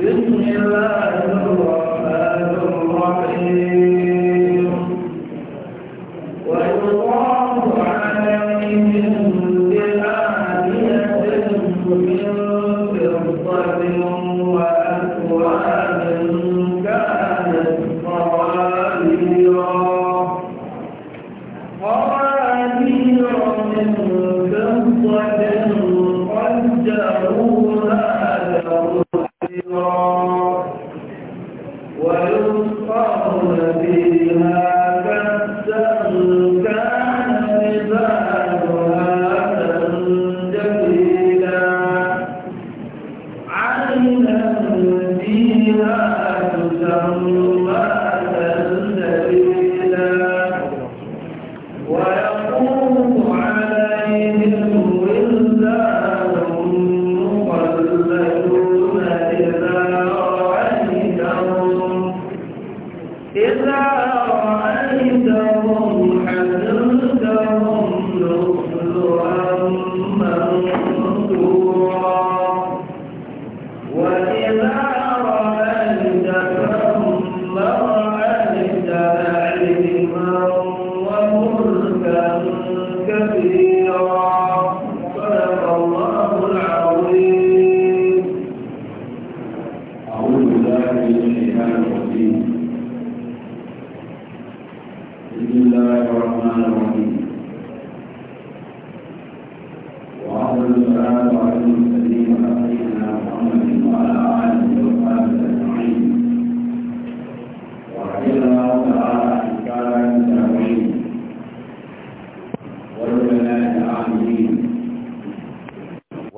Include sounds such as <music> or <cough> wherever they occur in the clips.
بسم الله الرحمن الرحيم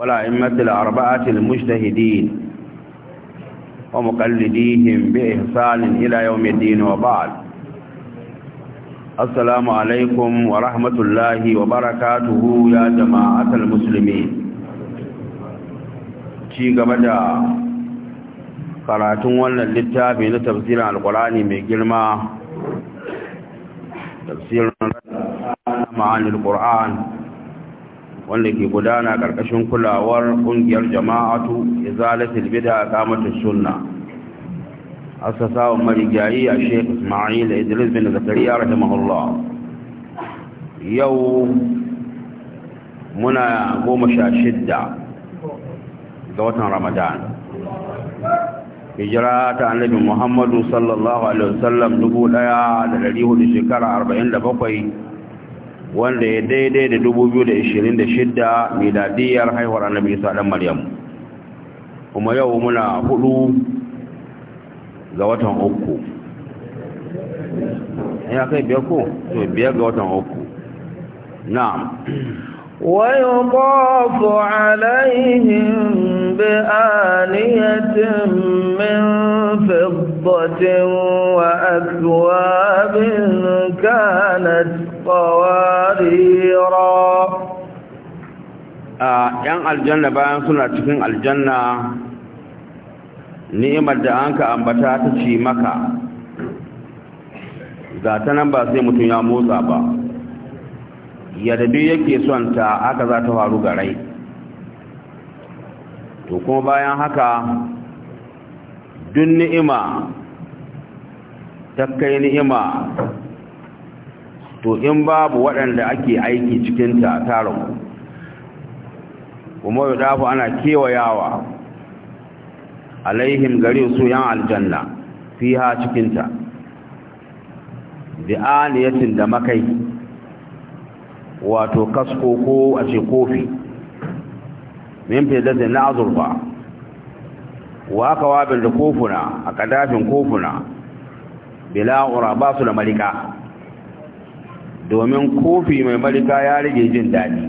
والأئمة الأربعة المجتهدين ومقلديهم بإحسان إلى يوم الدين وبعد السلام عليكم ورحمة الله وبركاته يا جماعة المسلمين ci بدا قراتون ولا wannan littafi na tafsirin alkurani mai girma tafsirin ma'anin wanda ke gudana ƙarƙashin kulawar ƙungiyar jama'atu izalatul bid'a qamatus sunna asasa wa marigayi a Sheikh Ismail Idris bin Zakariya rahimahullah yau muna goma sha shidda ga watan Ramadan hijira ta annabi muhammadu sallallahu alaihi wasallam dubu ɗaya da dari hudu shekara arba'in da bakwai wanda ya daidai da 2026 miladiyar haihuwar annabi isa dan maryam kuma yau muna hudu ga watan uku ya kai biyar ko to biyar ga watan uku na'am ويطاف عليهم بآلية من فضة وأكواب كانت A ‘yan aljanna bayan suna cikin aljanna ni'imar da an ka ambata ta ci maka ga ta nan ba sai mutum ya motsa ba yadda biyu yake son ta haka za ta faru ga rai to kuma bayan haka duk ni'ima ta kai ni'ima to in babu waɗanda ake aiki cikinta ta taron kuma dafa ana kewayawa alaihim gari su yan aljanna fiha cikinta da aliyatin da makai wato kasko ko a ce kofi min fidatin na azurfa wa aka wabin da kofuna a kadafin kofuna bila ba su da malika domin kofi mai marika ya rage jin daɗi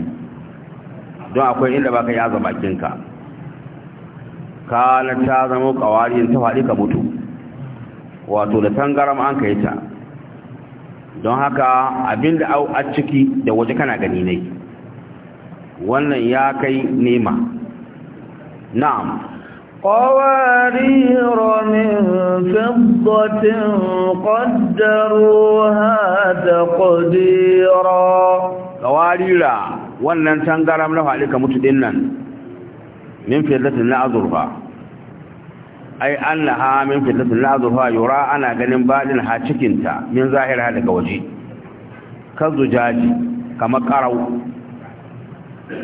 don akwai inda baka yaza bakinka kana ta zama kawarin ta faɗi ka mutu wato da tangaram an kai ta don haka abinda au a ciki da waje kana gani ne wannan ya kai nema na'am قوارير من فضة قدروها تقديرا قوارير wannan tangaram na halika mutu din nan min fidatin na azurfa ai annaha min fidatin na azurfa yura ana ganin badin ha cikin zahira daga waje kazujaji kamar qarau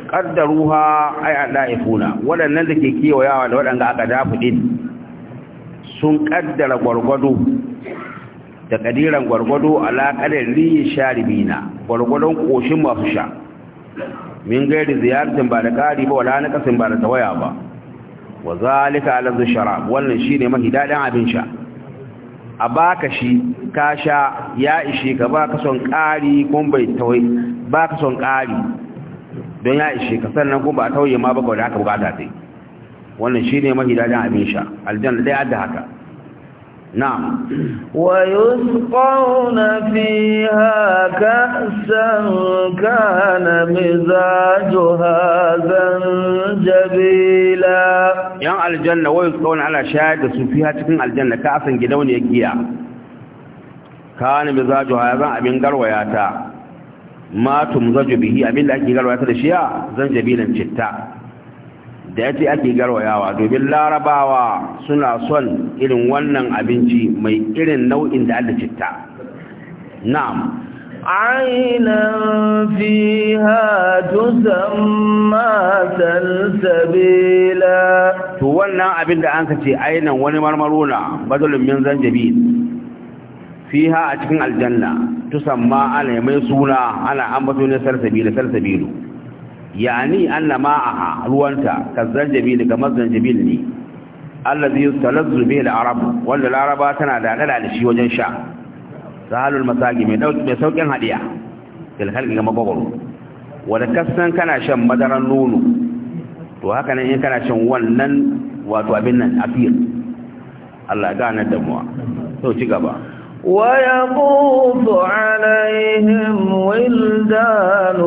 ƙaddaruha ay ala'ifuna waɗannan da ke kewayawa da wadanda aka dafu din. sun ƙaddara gwargwado da ƙadiran gwargwado alaƙadar riyi sharibina gwargwadon ƙoshin masu sha min gairi ziyartin ba da ƙari ba wala na ƙasin ba da tawaya ba wa zalika alazu sharab wannan shine mafi daɗin abin sha a baka shi ka sha ya ishe ka ba ka son ƙari kuma bai tawai ba ka son ƙari don ya ishe ka sannan ko ba tauye ma ba ga wadda aka bukata sai wannan ne mafi dadin abin sha aljanna dai adda haka na'am wa yusqawna fiha ka'san kana mizajuha zanjabila yan aljanna wa yusqawna ala shayar da su fiha cikin aljanna ka'san gidauniyar giya kana mizajuha zan abin garwaya ta ma tumzaju bihi da ake garwaya da shiya zanjabilan citta da ce ake garwayawa domin larabawa suna son irin wannan abinci mai irin nau'in da Allah citta na'am عينا فيها تسمى سلسبيلا تولنا wani دعانك تي عينا ونمرمرونا بدل من زنجبيل a cikin aljanna. tusamma ana mai suna ana ambato ne salsabilu salsabilu yani anna ma'aha ruwanta kazanjabil kamar zanjabil ne allazi yustalazzu bihi al-arab wanda laraba tana da dala da shi wajen sha sahalul masaki mai dauki mai saukin hadiya kal halki kamar gogoro wanda kasan kana shan madaran nono to haka nan in kana shan wannan wato abin nan afir Allah ya gane da mu to ci gaba ويطوف عليهم ولدان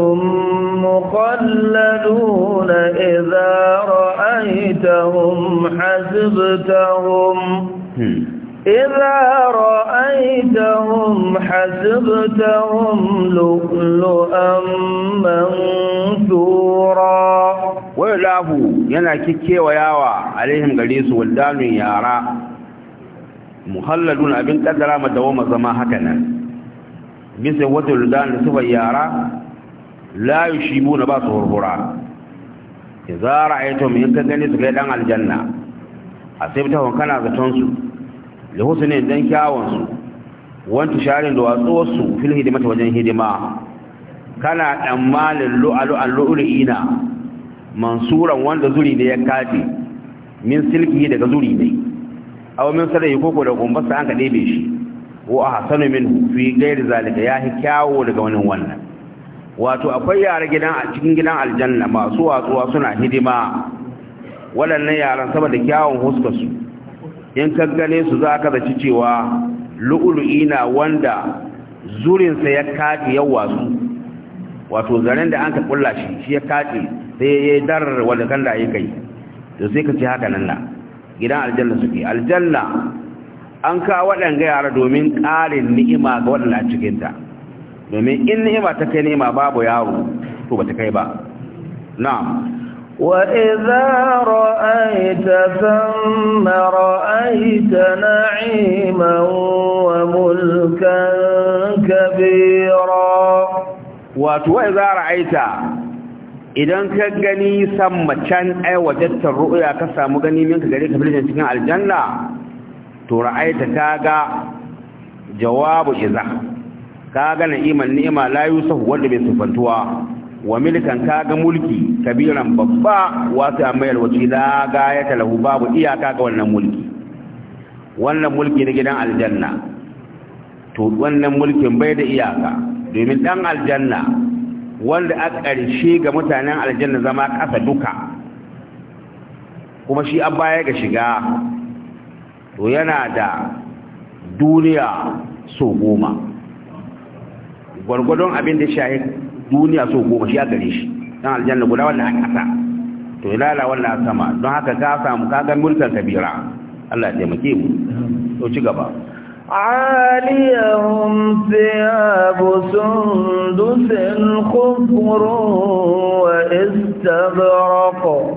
مخلدون إذا رأيتهم حسبتهم إذا رأيتهم حسبتهم لؤلؤا منثورا ويلعبوا ينا كيكي وياوا عليهم قليس ولدان يارا muhalladun abin kaddara ma dawama zama haka nan bisa wata ludan da sufa yara la na ba su hurhura idza ra'aytum in ka gani su kai dan aljanna A sai hon kana zaton su li ne dan kyawun su sharin da watsuwar wasu fil hidimata wajen hidima kana dan malin lu'alu'an lu'ulina mansuran wanda zuri ne ya kafi min silki daga zuri ne aw min sarai yi koko da gombasa an ka ɗebe shi wa ahsanu min fi ghairi zalika ya hi kyawo daga wani wannan wato akwai yara gidan a cikin gidan aljanna masu watsuwa suna hidima waɗannan yaran saboda kyawun su in ka gane su za ka zaci cewa lu'ulu'i na wanda zurinsa ya kaɗe yawa su wato zanen da an ka kulla shi shi ya kaɗe sai ya yi darar wanda kan da ya kai to sai ka ci haka nan na gidan aljanna suke aljanna an kawo waɗanga yara domin ƙarin ni'ima ga waɗanda cikinta domin in ni'ima ta kai ni'ima babu yaro to ba ta kai ba na'am وإذا رأيت ثم رأيت نعيما وملكا كبيرا وإذا رأيت idan ka gani san macen ai ru'uya ru'ya ka samu gani min ka gare ka filin cikin aljanna to ra'aita ga jawabu iza kaga na'iman ni'ima la yusuf wanda bai sufantuwa wa milkan ga mulki kabiran babba wasu amayar alwaci la ga ya talahu babu iyaka ga wannan mulki wannan mulki na gidan aljanna to wannan mulkin bai da iyaka domin dan aljanna wanda a ƙarshe ga mutanen aljanna zama ƙasa duka kuma shi an baya ga shiga to yana da duniya so goma gwargwadon abin da shahi duniya so goma shi a gare shi dan aljanna guda wanda a ƙasa to ilala wanda a sama don haka ka samu kagan mulkan kabira Allah ya taimake mu to ci gaba عاليهم ثياب سندس خضر واستبرق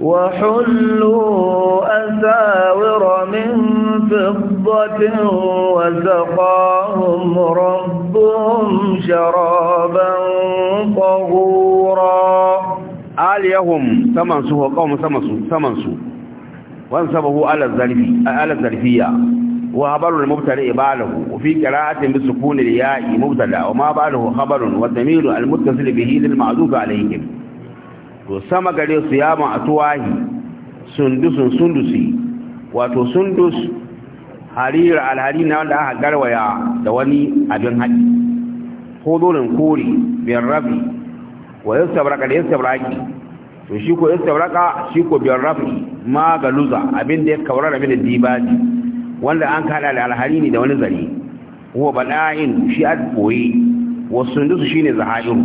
وحلوا أساور من فضة وسقاهم ربهم شرابا طهورا آليهم سمنسوا وقوم ثمن سمنسوا وانسبه على الزلفية وخبر المبتدئ باله وفي قراءة بسكون الياء مبتدا وما باله خبر والضمير المتصل به للمعذوف عليهم وسما غري صيام اتواهي سندس سندسي واتو سندس حرير على حرير wanda aka garwaya da wani abin haɗi hudurin kori biyar rafi wa yastabraka da yastabraki to shi ko yastabraka shi ko biyar rafi ma abin da ya kawar da dibaji wanda an kada da ne da wani zare huwa bala'in shi a koyi. wasu sundusu shine zahairu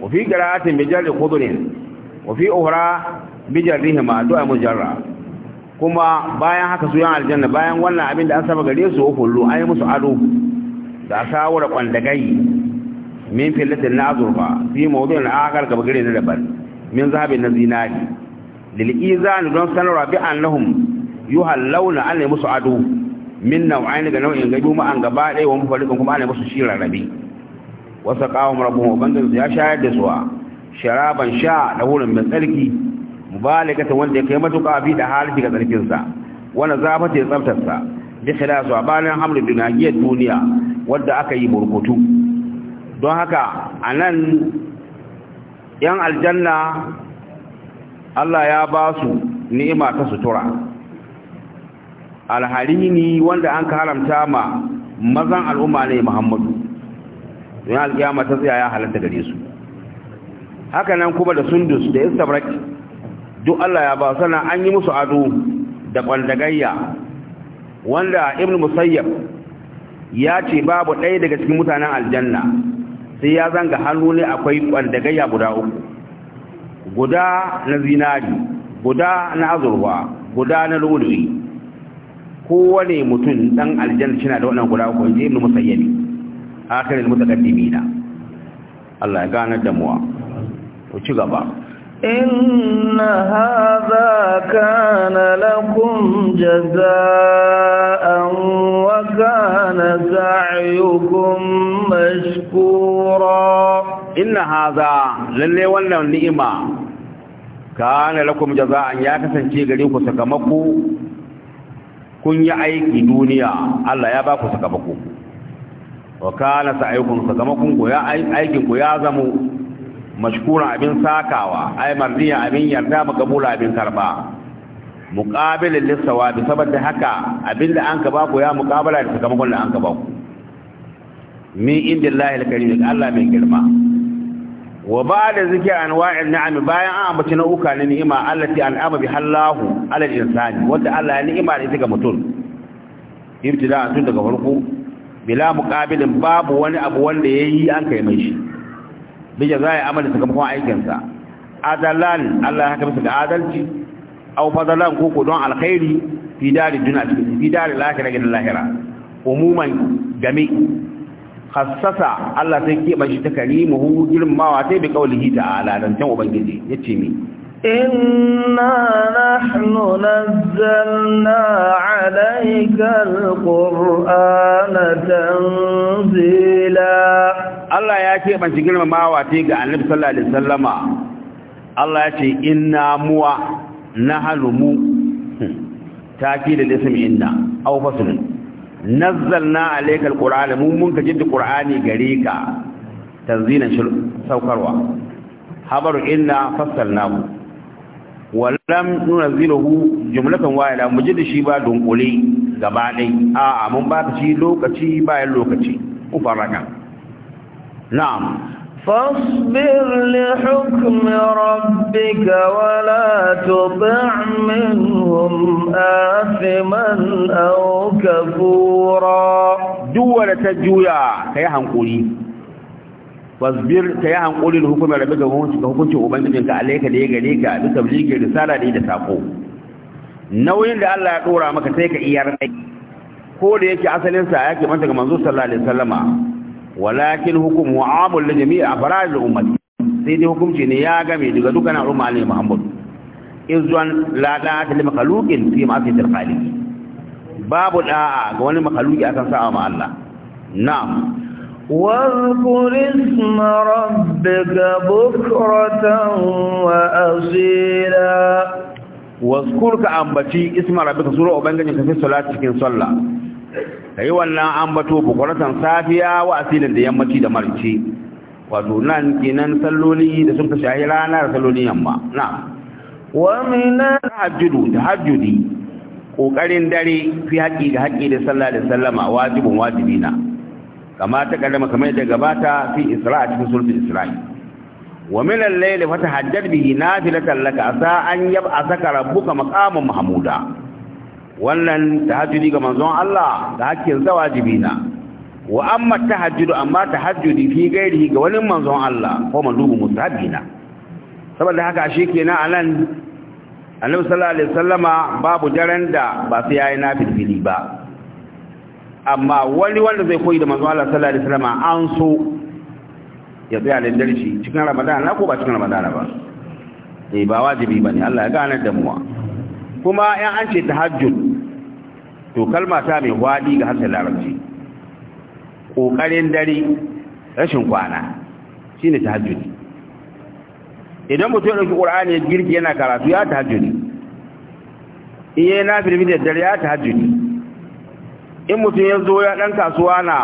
wa fi qira'atin bi da khudrin wa fi ukhra bi jarrihima mu mujarra kuma bayan haka su yan aljanna bayan wannan abin da an saba gare su kullu yi musu ado da sawar kwandagai min fillatin nazurba fi na agar gaba gare na daban min zahabin na zinari lilizani don sanarwa bi annahum yuhallawna an musu ado min nau'ain ga nau'in gabi ma an gaba ɗaya wa mufarikan kuma ana musu shira rabi wasa qawm rabbuhum ubangiji ya shayar da suwa sharaban sha da wurin mai tsarki mubalagata wanda ya kai matuƙa bi da halifi ga tsarkin sa wani zafata ya tsaftar sa bi su a bayan hamlin dunagiyar duniya wadda aka yi burkutu don haka anan yan aljanna Allah ya ba su ni'ima ta sutura alharini wanda an haramta ma mazan al'umma ne muhammadu don alkiyama ta tsaya ya halatta gare su haka nan kuma da sundus da istabrak duk allah ya ba sana an yi musu ado da kwandagayya wanda ibn musayyab ya ce babu ɗaya daga cikin mutanen aljanna sai ya zanga hannu ne akwai kwandagayya guda uku guda na zinari guda na azurwa guda na lulluwi kowane mutum dan aljanna shi na da wannan guda kuwa ji ibnu musayyabi akhirin mutakaddimina Allah ya gane da muwa ku ci gaba inna hadha kana lakum jazaa'an wa kana sa'yukum mashkura inna hadha lalle wannan ni'ima kana lakum jazaa'an ya kasance gare ku sakamako kun yi aiki duniya Allah ya ba ku sakamako wa kana sa'aykum sakamakon ku ya aikin ku ya zamo mashkura abin sakawa ay mardiya abin yarda makabula abin karba muqabilin lissawabi saboda haka abin da an ka ba ku ya muqabala da sakamakon da an ka ba ku min indillahi alkarim Allah mai girma wa ba da zike an wa'in na'ami bayan an ambaci nau'uka na ni'ima allati an'ama bi hallahu ala insani wanda Allah ya ni'ima da ita ga mutum ibtida tun daga farko bila muqabilin babu wani abu wanda yayi an kai mai shi bi jazai amal sakamakon aikin sa adalan Allah ya haka bisa adalci aw fadalan ko ko don alkhairi fi dari dunya fi dari lahira ga lahira umuman game khassasa Allah sai ke bashi ta karimuhu girmawa sai bi kaulihi ta'ala dan can ubangiji yace me inna nahnu nazzalna alayka alqur'ana tanzila Allah ya ke bashi girmawa sai ga annabi sallallahu alaihi wasallama Allah ya ce inna muwa nahlumu hmm. taki da ism inna aw faslun nazzalna alaykal qur'ana mun mun ka jiddi qur'ani gare ka tanzilan saukarwa habaru inna fassalnahu wa lam nunzilahu jumlatan wahida mu jiddi shi ba dunkule gaba dai a'a mun ba shi lokaci bayan lokaci ufaraka na'am فاصبر لحكم ربك ولا تطع منهم آثما أو كفورا جوة تجويا كيا هنقولي فاصبر كيا هنقولي لحكم ربك وحكمت أبنجنك عليك ليك ليك بتبليك رسالة ليك ساقو nauyin da Allah ya dora maka sai ka iyar kai ko da yake asalin sa yake manta ga manzo sallallahu alaihi wasallama walakin hukumu amul li jami'i afrad al ummati, sai dai hukunci ne ya game daga dukkan al'umma ne Muhammad izwan la da'ata li makhluqin fi ma al-khaliq babu da'a ga wani makhluqi akan sa ma Allah na'am واذكر اسم ربك بكرة وأصيلا واذكرك أنبتي اسم ربك سورة أبنجن في الصلاة cikin Sallah. kai wannan ambato bukuratan safiya wa asilin da yammaci da marci wato nan kenan salloli da sun shahi rana da salloli yamma na wa min tahajjudu tahajjudi kokarin dare fi haƙi da haƙi da sallah da sallama wajibin wajibina kama ta kaddama kamar da gabata fi isra'a cikin sulfin isra'i wa min al-layli fatahajjad bihi nafilatan laka asa an zakara rabbuka maqaman mahmuda wannan tahajjudi ga manzon Allah da hakkin sa wajibi na wa amma tahajjudu amma tahajjudi fi gairihi ga wani manzon Allah ko mandubu mustahabi na saboda haka shi kenan anan annabi sallallahu alaihi wasallama babu daren da ba sai yayi nafilfili ba amma wani wanda zai koyi da manzon Allah sallallahu alaihi wasallama an so ya tsaya da dare shi cikin Ramadan na ko ba cikin Ramadan ba eh ba wajibi bane Allah ya gane da mu kuma yan an ce tahajjud to kalma ta mai wadi ga harshen larabci kokarin dare rashin kwana shine tahajjud idan mutum ya ɗauki ƙur'ani ya girki yana karatu ya tahajjud in na firmi da dare ya tahajjud in mutum ya zo ya ɗan kasuwa na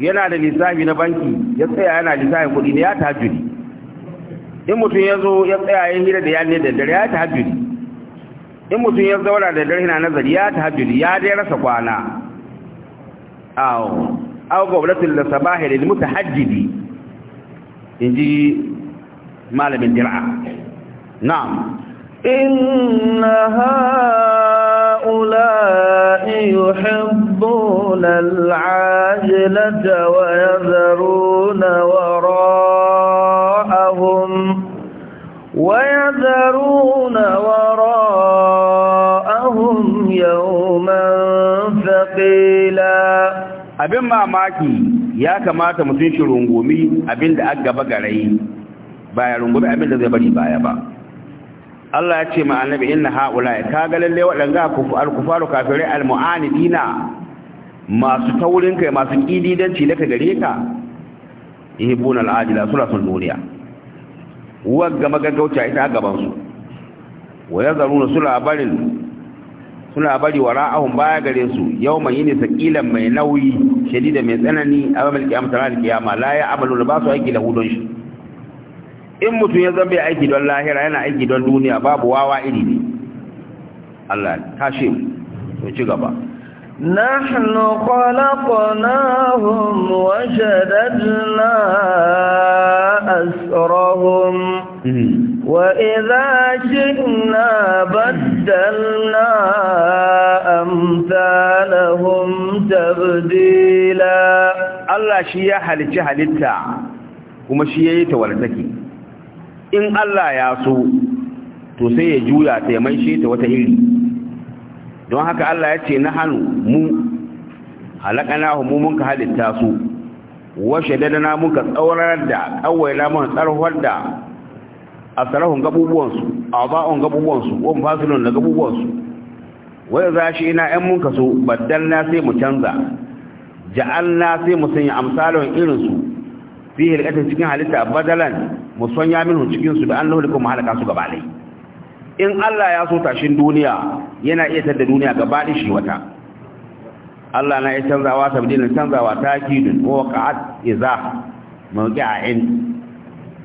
yana da lissafi na banki ya tsaya yana lissafin kuɗi ne ya ne. in mutum ya zo ya tsaya ya hira da yanayi da dare ya ne. in mutum ya zaura da dare na nazari ya tahajjudi ya dai rasa kwana aw aw qablatul sabahi lil mutahajjidi inji malamin dir'a na'am inna haula'i yuhibbuna al'ajilata wa yadharuna wara'ahum wa yadharuna wara'ahum yawman ثقيلا abin mamaki ya kamata mutum shi rungumi abin da aka gaba garayi baya rungumi abin da zai bari baya ba Allah ya ce ma annabi inna haula ka ga lalle wadanga al-kufaru kafire al-mu'anidina masu taurin kai masu kididanci da ka gare ka yihibuna al-ajila sulasul duniya gama gaggauta ita a gaban su wa yazaruna sulabarin suna bari wa ra'ahun baya gare su yau mai yini sakilan mai nauyi shadida mai tsanani a bamal kiyama tana da kiyama la ya amalu ba su aiki da hudon shi in mutum ya zambe aiki don lahira yana aiki don duniya babu wawa iri ne Allah ta shi mu ci gaba نحن خلقناهم وشددنا أسرهم وإذا شئنا بدلنا أمثالهم Allah الله ya halicci حالتا kuma shi yayi tawaltaki in Allah ya so to sai ya juya ta ya maishe ta wata iri don haka Allah ya ce na hannu mu halakana mu mun ka halitta su wa shaddadana mun ka tsawarar da kawai lamun tsarwar da asarahun gabubuwansu a aba'un gabubuwansu wan fasilun na gabubuwansu wai za shi ina ‘yan mun kaso na sai mu canza na sai mu sanya amsalon irinsu fi hilkatin cikin halitta badalan mu sanya minhu cikinsu da an lahulikun mu halaka su gabalai in Allah ya so tashin duniya yana iya tadda duniya gaba gabalai shi wata Allah na iya canzawa sabdinin canzawa takidun wa qa'at iza mawqi'in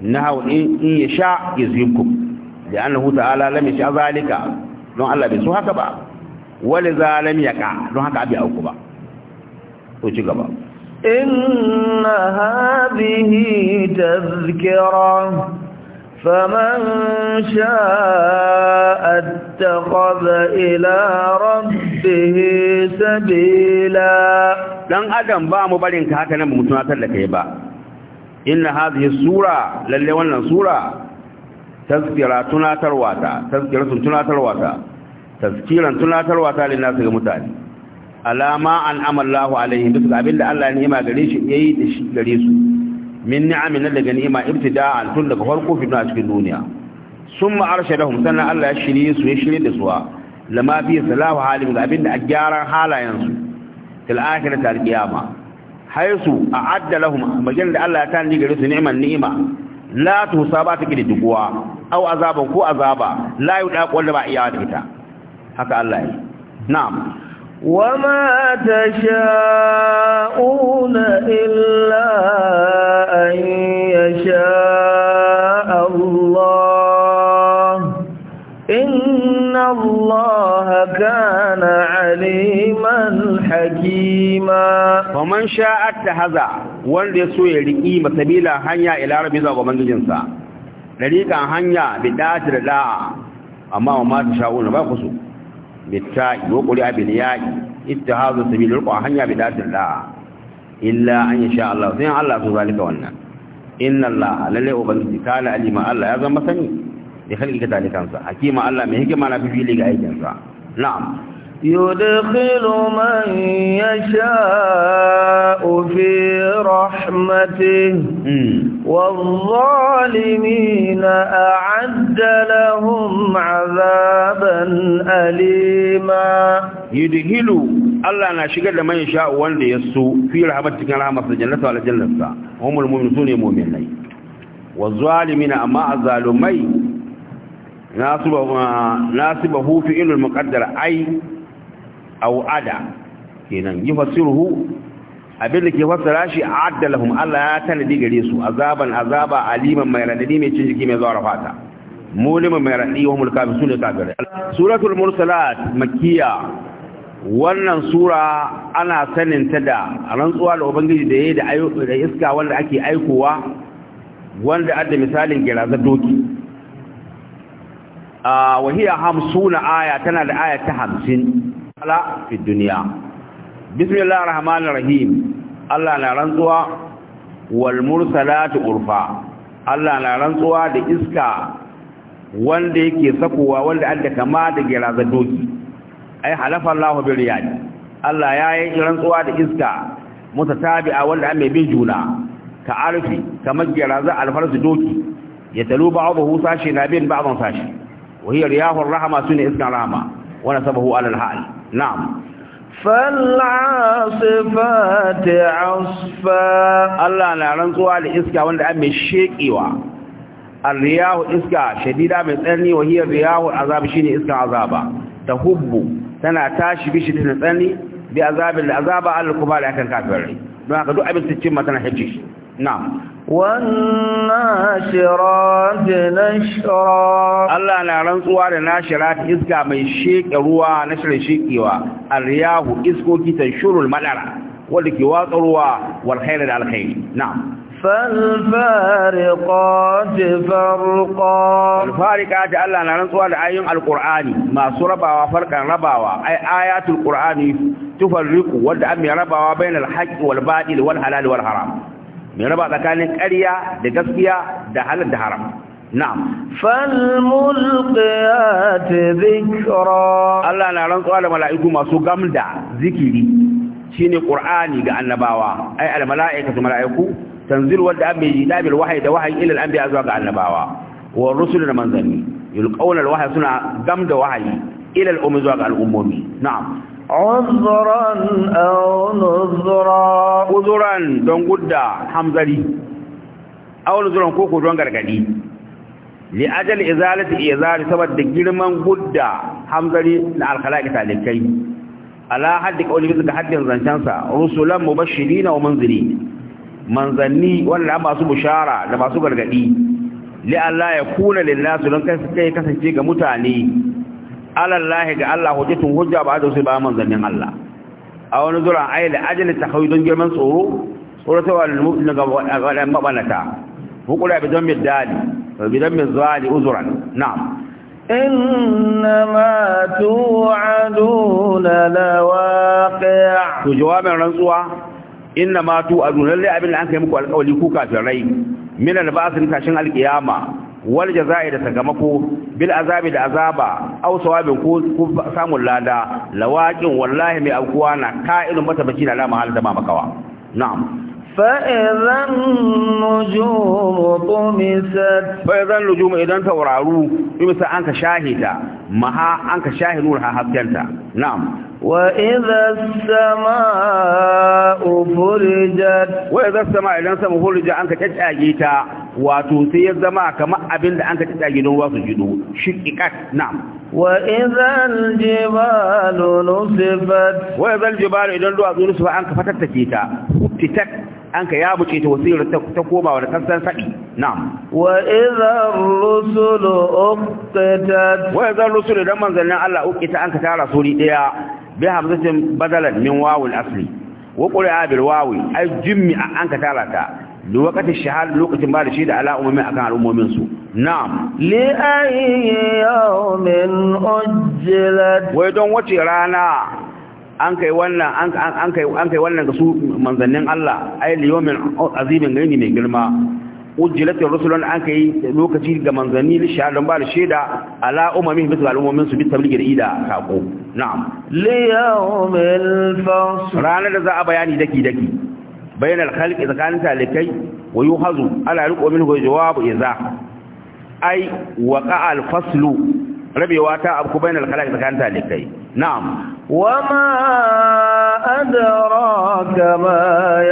nahu in ya sha yuzibkum li'annahu ta'ala lam yasha zalika don Allah bai so haka ba wali zalam yaqa don haka abi auku ba to ci gaba inna hadhihi tadhkira فمن شاء اتخذ إلى ربه سبيلا dan adam ba mu barin ka haka nan mutum akalla kai ba inna hadhihi sura lalle wannan sura tazkira tunatarwa ta tazkiratun tunatarwa ta tazkiran tunatarwa ta lin nasu ga mutane alama an amallahu alaihi duk abinda Allah ya nima gare shi yayi da shi gare su min ni'amin daga ni'ima ibtida'an tun daga farko fi cikin duniya summa arshadahum sannan Allah ya shirye su ya shirye da su lama fi salahu halim ga abinda a gyaran halayen su til akhirati al-qiyamah haisu a addalahum magin da Allah ya tanji gare su ni'man ni'ima la tusa ba ta kididduwa aw azaban ko azaba la yuda wanda ba iyawa da ita haka Allah ya na'am وما تشاءون إلا أن يشاء الله إن الله كان faman sha'at ta haza wanda ya so ya riƙi masabila hanya ila rabbi zuwa ga manzijinsa dariƙan hanya bi dati da da'a amma wa mata sha'una ba ku so bi ta'i wa quli abil ya'i ittihazu sabil riqa hanya bi dati da da'a illa an yasha Allah sai Allah su zalika wannan inna Allah lalle ubangiji ta'ala alima Allah ya zama sani da halƙi ka talikansa hakima Allah mai hikima na fi fili ga aikinsa na'am يدخل من يشاء في رحمته والظالمين أعد لهم عذابا أليما يدخل الله نشكر من يشاء وان يسوء في رحمتك رحمة الجنة على الجنة هم المؤمنون المؤمنين والظالمين أما الظالمين ناسبه, ناسبه في إلو المقدر أي aw ada kenan yufassiruhu abin da ke fassara shi addalahum Allah ya tanadi gare su azaban azaba aliman mai radadi mai cin jiki mai zuwa rafata mulimin mai radadi wa mulka bi sunan kafirai suratul mursalat makkiya wannan sura ana sanin ta da rantsuwa da ubangiji da yayi da iska wanda ake aikowa wanda adda misalin giraza doki a wahiya 50 aya tana da aya ta 50 ala fi duniya bismillahir rahmanir rahim Allah na rantsuwa wal mursalati urfa Allah na rantsuwa da iska wanda yake sakowa wanda adda kama da giraza doki ai halafa Allah riyad Allah ya rantsuwa da iska mutatabi'a wanda ame bin juna ka arfi kamar giraza alfarsu doki ya talu ba'dahu sashi na bin ba'dan sashi wa hiya riyahur rahma sunni iskan rahma wa nasabahu ala al-hal na'am fal'asifati asfa Allah na rantsuwa da iska wanda an mai shekewa ar-riyahu iska shadida mai tsanani wa hiya riyahu azab shine iska azaba tahubbu tana tashi bishi da tsanani bi azabin da azaba al-kubari akan kafirai don haka duk والناشرات نشرا الله لا رنسوا da nashirat iska mai sheke ruwa nashir shekewa arriyahu iskoki tanshurul madara wanda ke watsa ruwa wal khairu da alkhairi na'am فالفارقات فرقا الفارقات الله لا رنسوا da ayoyin alqur'ani masu rabawa farkan rabawa ay ayatul qur'ani tufarriqu wanda an rabawa bainal haqqi wal batil wal halal wal mai raba tsakanin ƙarya da gaskiya da halal da haram na'am falmulqiyat dhikra Allah na rantsuwa da mala'iku masu gamda zikiri shine qur'ani ga annabawa ai al mala'ikatu mala'iku tanzil wadda abin jida bil wahyi da wahyi ila al anbiya zuwa ga annabawa wa rusul da manzanni yulqawna al wahyi suna gamda wahyi ilal ummi zuwa ga al'ummomi na'am uzran aw nuzra uzran don gudda hamzari aw nuzran ko ko don gargadi li ajal izalati izari da girman gudda hamzari na alkhalaqi talikai ala haddi kauli bisa ga haddin zancansa rusulan mubashirin wa munzirin manzanni wanda masu bushara da masu gargadi li Allah ya kuna lillahi don kai kasance ga mutane alallahi ga Allah hujjatun hujja ba da sai ba manzannin Allah a wani zuran ayi da ajali takawi don girman tsoro tsoro ta wani mutum daga wadannan mabalata hukula bi don midali bi don mizali uzuran na'am إنما توعدون لواقع جواب رنسوا إنما توعدون للي أبن الآن كيمكو القولي كوكا في الرأي من البعث نتاشن القيامة wal jazaa'i da sakamako bil azabi da azaba aw sawabin ko samun lada Lawakin wallahi mai aukuwa na ka'ilun matabaci da alama halin da ba makawa na'am فإذا النجوم طمست فإذا النجوم إذا تورارو يمسا أنك شاهدا مها أنك شاهد نورها حبتنتا نعم وإذا السماء فرجت وإذا السماء إذا السماء فرجت أنك تجأجيتا wato sai ya zama kamar abin da an ka tsaya gidan ruwa su jido shiqiqat na'am wa idhal jibalu nusifat wa idhal jibalu idan duwatsu su nusifa an ka fatattake ta titak an ka ce ta wasiyar ta koma wani kasan sadi na'am wa idhal rusulu uqtat wa idhal rusulu dan manzalin Allah uqita an ka tara suri daya bi hamzatin badalan min wawul asli wa qura'a bil wawi ay jimmi an ka tara ta lokacin shahal lokacin ba da shi da ala umumin akan al'ummominsu na'am li ayyi yawmin ujjilat wai don wace rana an kai wannan su manzannin Allah ay li yawmin azimin gani mai girma ujjilat ar-rusulun an kai lokaci ga manzanni li don ba da shi da ala umumin bisa al'ummomin su bitabliga da ida sako na'am li yawmil fasl rana da za a bayani daki daki bainal khalqi tsakanin talikai wa yuhazu ala riqo minhu jawabu iza ai waqa al faslu rabewa ta abku bainal khalqi tsakanin talikai na'am wama adraka ma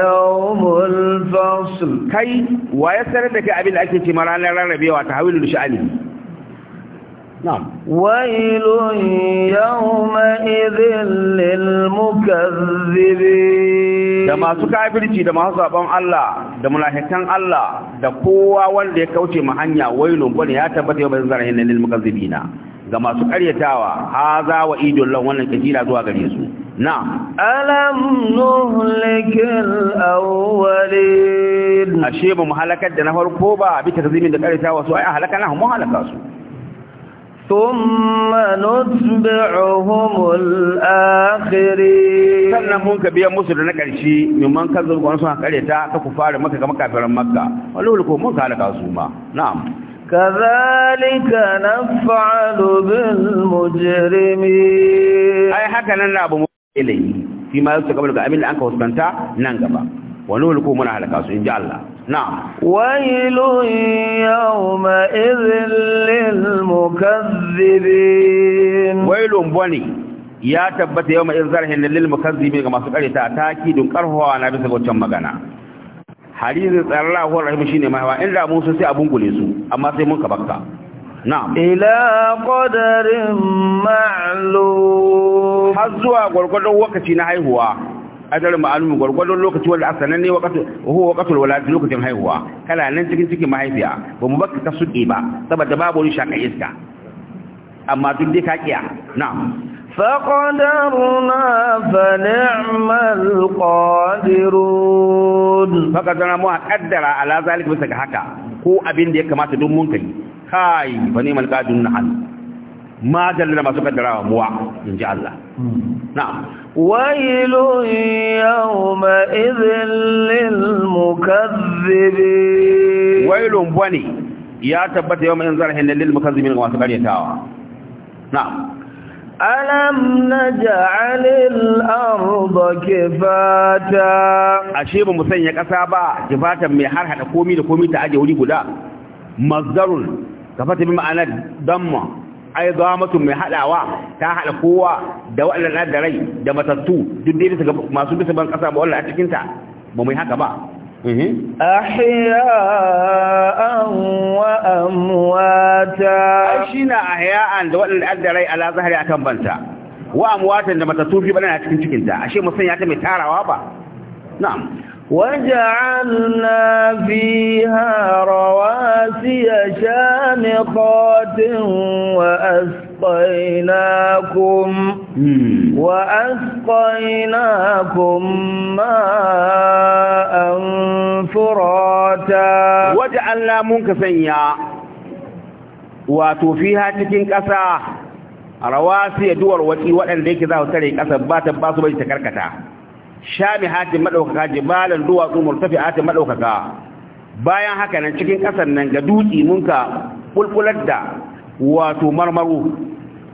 yawmul fasl kai wa yasar da kai abin da ake ce ranar rarrabewa tahawilul sha'ani نعم ويل يومئذ للمكذبين da masu kafirci da masu sabon Allah da munafikan Allah da kowa wanda ya kauce ma hanya wailun bane ya tabbata yau bazan zarahin lil mukazzibina ga masu karyatawa haza wa idul lahu wannan kajira zuwa gare su na'am alam nuhlikal awwalin ashe ba mu halakar da na farko ba bi takzimin da karyatawa su ai halaka na mu halaka su ثم نتبعهم الآخرين sannan mun ka biya musu da na ƙarshe mimman kan zurgon suna ƙareta ta ku fara maka ga makafiran makka wani ko mun كذلك نفعل بالمجرمين اي haka nan na abu ilai fi ma yake kabar ga amin da an ka nan gaba wani ko Allah نعم ويل يومئذ للمكذبين ويل بني ya tabbata yau ma'in zarhin lil mukazzibi ga masu karita taki don karhuwa na bisa goccan magana hadisin tsararrahu rahim shine mahwa in da mun so sai abun gule su amma sai mun kabakka na'am ila qadarin ma'lum har zuwa gurgurdan lokaci na haihuwa adar ma'alum gwargwadon lokaci wanda aka sananne wakatu huwa wakatul walad lokacin haihuwa kana nan cikin cikin mahaifiya ba mu baka ta suke ba saboda babu wani shaka iska amma duk dai ka kiya na'am فقدرنا فنعم القادرون فقدرنا ما قدر على ذلك بس haka ko abin da ya kamata don mun kai kai fa ne malqadun hal ma dalla masu kaddarawa muwa inji Allah na'am ويل يومئذ للمكذبين ويل بني يا تبت يوم انزل هن للمكذبين واسقريتاوا نعم ألم نجعل الأرض كفاتا أشيب مسيني كسابا كفاتا من حرحة كومي لكومي تأجي ولي قدا مصدر كفاتا بمعنى ضمه ai mutum mai haɗawa, ta haɗa kowa da waɗannan da rai da matattu duk dai bisa masu bisa ban ƙasa ba wallahi a cikinta ba mai haka ba mhm. ahya'an wa amwata shina ahya'an da waɗannan da rai ala zahari kan banta wa amwatan da matattu fi bana a cikin cikinta, ta ashe musan ya ta mai tarawa ba na'am وجعلنا فيها رواسي شامخات وأسقيناكم وأسقيناكم ماء فراتا وجعلنا واتو وتوفيها تكين كسا رواسي دور وتي وأن ذيك ذا وتري كسا بات باسو بيتكركتا shami hatin madaukaka jibalan duwatsu murtafi'atin madaukaka bayan haka nan cikin ƙasar nan ga dutsi munka fulfular da wato marmaru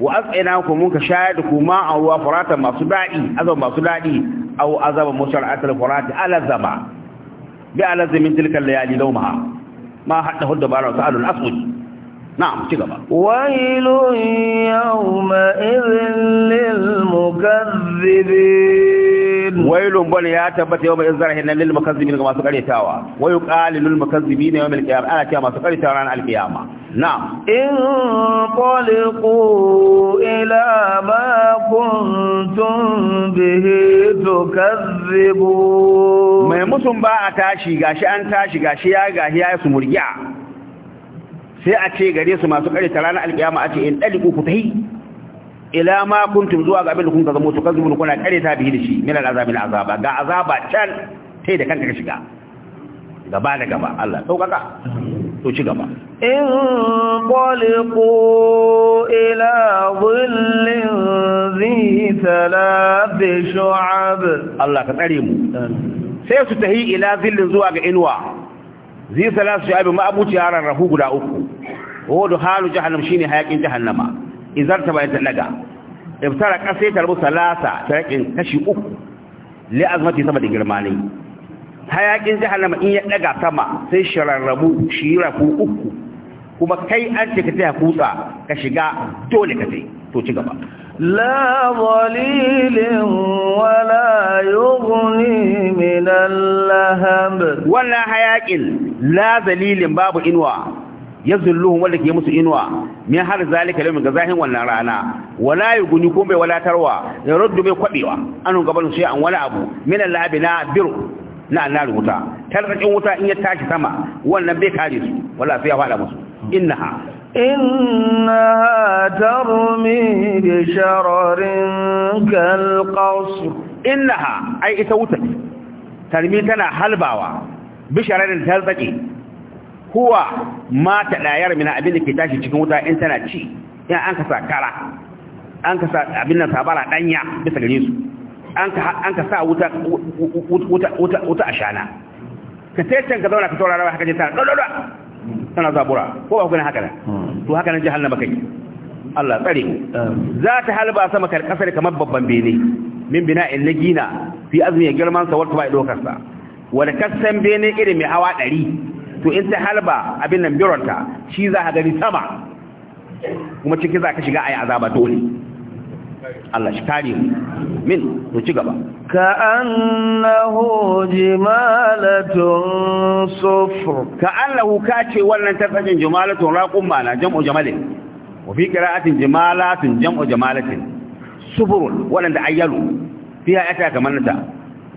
wa asqina ku munka shayar da kuma a ruwa furata masu daɗi azaba masu daɗi aw azaba mushar'atul furati alazaba bi alazimin tilka layali lawmaha ma hadda hudda bara sa'alul aswad نعم تجمع ويل يومئذ للمكذبين wailun bal ya tabbata yawma izrahin lil mukazzibin ga masu karetawa wa yuqalu lil mukazzibin yawmal qiyamah ana cewa masu karetawa ran alqiyama na'am in qaliqu ila ma kuntum bihi tukazzibu mai musun ba a tashi gashi an tashi gashi ya gashi ya su murgiya sai a ce gare su masu karetawa ran alqiyama a ce in daliku ku tahi ila ma kuntum zuwa ga abin da kun ka zamo to kazubun kuna kare ta bihi da shi min al'azabi na azaba ga azaba can sai da kanka ka shiga gaba da gaba Allah saukaka to ci gaba in qaliqu ila dhillin zi thalath shu'ab Allah ka tsare mu sai su tahi ila dhillin zuwa ga inwa zi thalath shu'ab ma abuci yaran rahu guda uku wadu halu jahannam shine hayakin jahannama idan ta bayan talaga ibtara kasai tarbu salasa tarakin kashi uku li azmati saboda girma ne hayakin jahannama in ya daga sama sai shararrabu shira ku uku kuma kai an ce ka tsaya kusa ka shiga dole ka sai to ci gaba la zalilin wala yughni min al-lahab wala hayakin la zalilin babu inwa yazulluhum wanda ke musu inuwa min har zalika lamin ga zahin wannan rana wala yuguni ko bai walatarwa ya raddu bai kwabewa an gaban shi an wala abu min allabi na biru na annar wuta tarqin wuta in ya tashi sama wannan bai kare su wala sai ya fada musu innaha innaha tarmi bi shararin kal qasr innaha ai ita wuta tarmi tana halbawa bi shararin tarqi Kowa mata ta dayar mina abin da ke tashi cikin wuta in tana ci ina an ka sa kara an ka sa abin nan sabara danya bisa gare su an ka an ka sa wuta wuta wuta wuta ashana ka sai can ka zauna ka saurara haka je tana dododo tana zabura ko ba ku ne haka nan hmm. to haka nan jahannama kai Allah tsare mu za ta halba sama karkasar kamar babban bene min in na gina fi azmi ya girman sa wata ya ɗaukar sa wanda kasan bene irin mai hawa ɗari? to in ta halba abin nan bironta shi za a gani sama kuma ciki za ka shiga yi azaba dole Allah shi kare mu min to ci gaba ka annahu jimalatun sufr ka annahu ce wannan tafsirin jimalatun raqum mana jam'u jamalin wa fi qira'atin jimalatun jam'u jamalatin sufurun wannan da ayyalu fiha ata kamannata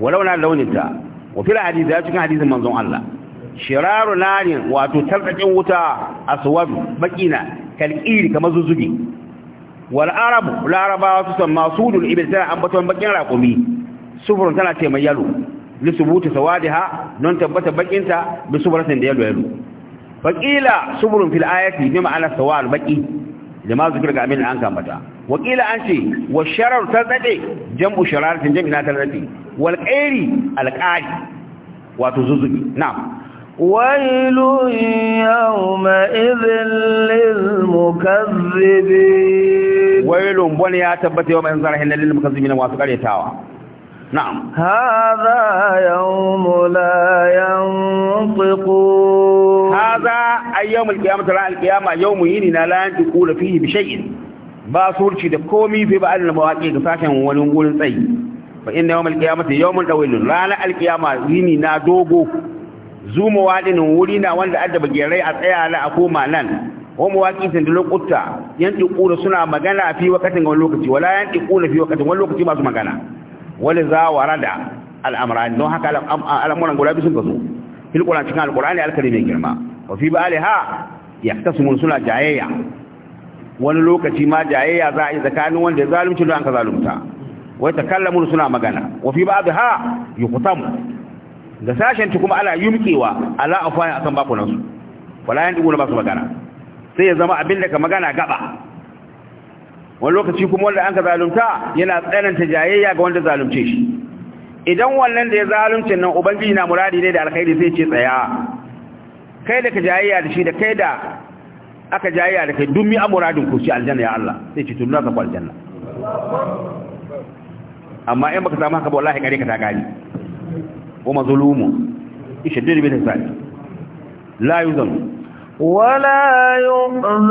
walau na launinta wa fil hadith ya cikin hadisin manzon Allah shiraru narin wato tarkakin wuta a aswadu bakina kalqiri kamar zuzugi wal arabu larabawa su san masudul ibil tana ambaton bakin raƙumi sufurun tana ce mai yalo li subuti ha, don tabbata bakinta bi subratin da yalo yalo faqila subrun fil ayati bi ma'ana sawal baqi jama'a zikir ga amin an kambata waqila an ce wa sharar tazade jam'u ta jam'ina tazade wal qairi al qari wato zuzugi Na. ويل يومئذ للمكذبين ويل بني اتبت يوم انزل هنا للمكذبين واسقريتاوا نعم هذا يوم لا ينطقون هذا أي يوم القيامة لا القيامة يوم يني لا ينطقون فيه بشيء باصورشي da komi في ba annal mawaqi ونقول sashen فان يوم القيامه يوم inna لا لا القيامه يني rana zuma wadin wuri na wanda adda bagerai a tsaya la a koma nan wa mawaki sun da lokuta yan dikuna suna magana fi wakatin wani lokaci wala yan dikuna fi wakatin wani lokaci masu magana wala za warada al'amran don haka al'amuran guda biyu kaso. kazo fil qur'an cikin alqur'ani alkarimi girma wa fi ba'alha yahtasimun suna jayayya wani lokaci ma jayayya za a yi tsakanin wanda ya zalunci don an ka zalunta wai takallamun suna magana wa fi ba'dha yuqtamu ga sashen kuma ala yumkewa ala afwaya akan bakunan su wala yan dubu na basu magana sai ya zama abin da ka magana gaba wani lokaci kuma wanda an ka zalunta yana tsananta jayayya ga wanda zalunce shi idan wannan da ya zalunce nan ubangiji na muradi ne da alkhairi sai ce tsaya kai da ka jayayya da shi da kai da aka jayayya da kai dummi amuradin muradin ku shi aljanna ya Allah sai ce tunna ka aljanna amma in baka samu haka ba wallahi kare ka ta gani ومظلوم يشدد بالإنسان لا يظلم ولا يؤذن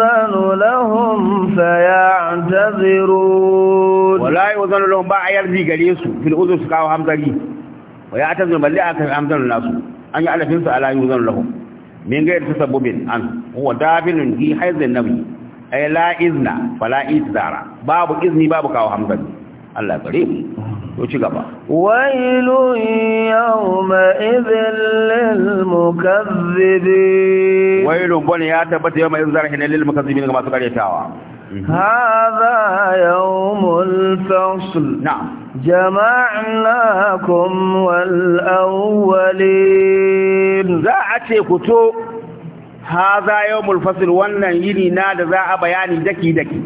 لهم فيعتذرون ولا يؤذن لهم باع يرضي قليسو في الأذن سكاو حمزة ويعتذر بل لأكف حمزة الناس أن يعلف ينسى لا يؤذن لهم من غير تسبب عنه هو دابل في حيث النبي أي لا إذن فلا إتذار باب إذن باب كاو حمزة Allah bare mu to ci gaba wailun yawma idhil lil mukazzibin wailun bani ya tabbata yawma idhil zarhin lil mukazzibin ga masu karyatawa mhm. hadha yawmul fasl na'am jama'nakum wal awwalin za a ce ku to hadha yawmul fasl wannan yini na da za a bayani daki daki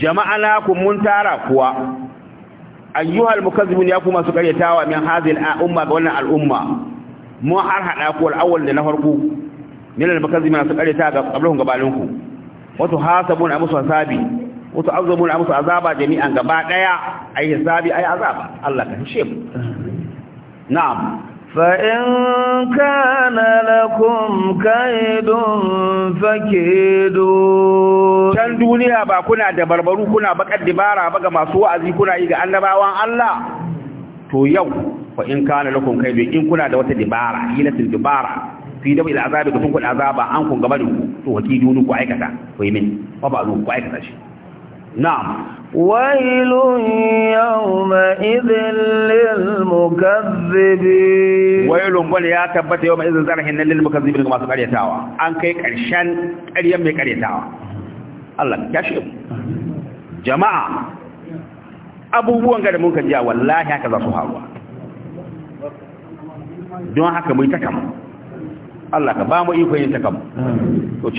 jama'ana ku mun tara kuwa ayyuhal mukazzibun ya kuma su karyatawa min hadhihi al-umma ga wannan al'umma mu har hada ku al-awwal da na farko min al-mukazzibin su karyata ga qablahum gabanin ku wato hasabun amsu hasabi wato azabun amsu azaba jami'an gaba daya ai hisabi ai azaba Allah ka hishe mu na'am فإن كان لكم كيد فكيدوا كان دنيا با دبربرو كنا بقد دبارا بقى ما سوى أزي كنا إيجا annabawan الله to yau fa in kana lakum kaidu in kuna da wata dibara hilatul dibara fi dabi al'azabi kun kun azaba an kun gaba da ku to hakidu ku aikata ko yimin fa ba ku aikata shi نعم ويل يومئذ للمكذبين ويل بل يا تبت يومئذ زرهن للمكذبين كما سكر يتاوى أن كي كرشان كريم كر يتاوى الله كاشي جماعه ابو ga da mun kajiya wallahi haka za su haruwa don haka mai takam Allah ka ba mu iko yin takam to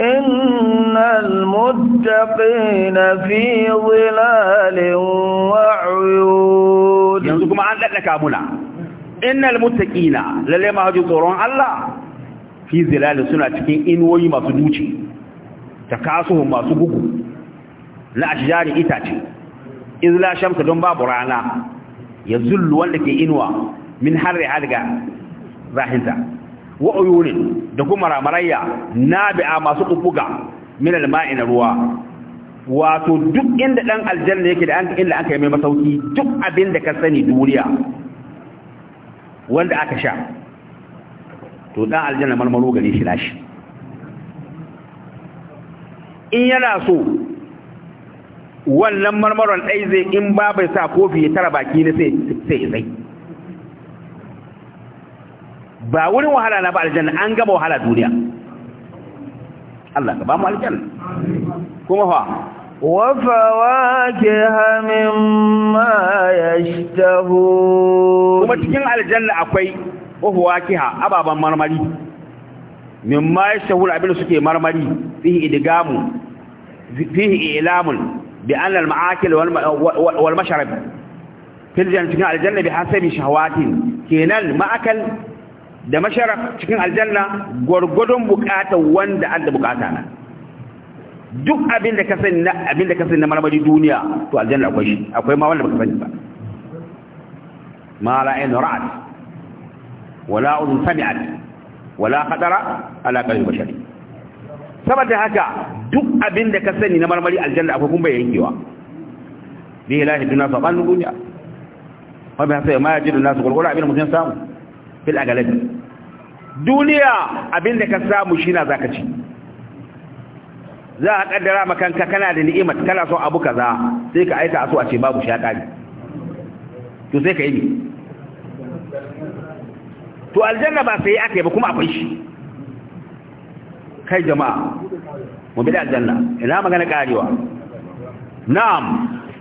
إِنَّ الْمُتَّقِينَ فِي ظِلَالٍ وَعُيُونٍ yanzu kuma an dadda kamuna innal muttaqina lalle ma haju tsoron Allah fi zilali suna cikin inuwoyi masu duci ta masu gugu la ashjari itati izla shamsu don babu rana yazullu wanda ke inuwa min harri halga zahinta wa uyuni da kuma ramarayya nabi'a masu kufuga min alma'i na ruwa wato duk inda dan aljanna yake da an illa aka yi mai masauki duk abin da ka sani duniya wanda aka sha to dan aljanna marmaro gare shi lashi in yana so wannan marmaron dai zai in ba bai sa kofi ya tara baki ne sai sai sai ba wurin wahala na ba aljanna an gaba wahala duniya Allah ka ba mu aljanna kuma fa wa وفواكه مما yashtahu kuma cikin aljanna akwai wafwakiha ababan marmari mimma yashtahu abin suke marmari fihi idgamu fihi ilamun bi anna al ma'akil wal masharab fil jannati al aljanna bi hasabi shahawatin kenan ma'akal da mashara cikin aljanna gwargwadon bukatar wanda Allah bukata na duk abin da ka sani na abin ka sani na marmari duniya to aljanna akwai shi akwai ma wanda baka sani ba ma la in ra'at wala udhun sami'at wala khadara ala qalbi bashari saboda haka duk abin da ka sani na marmari aljanna akwai kuma bai yankewa bi ilahi dunya fa qanu dunya wa bi hasa ma yajidu nas qul qul abin mutun samu fil agalabi duniya abinda ka samu shi na zaka ci za a kaddara makanka kana da ni'imat kana son abu kaza sai ka aika a so a ce babu shi shakari to sai ka yi to aljanna ba sai aka yi ba kuma akwai shi kai jama'a mu bi aljanna ina magana karewa na'am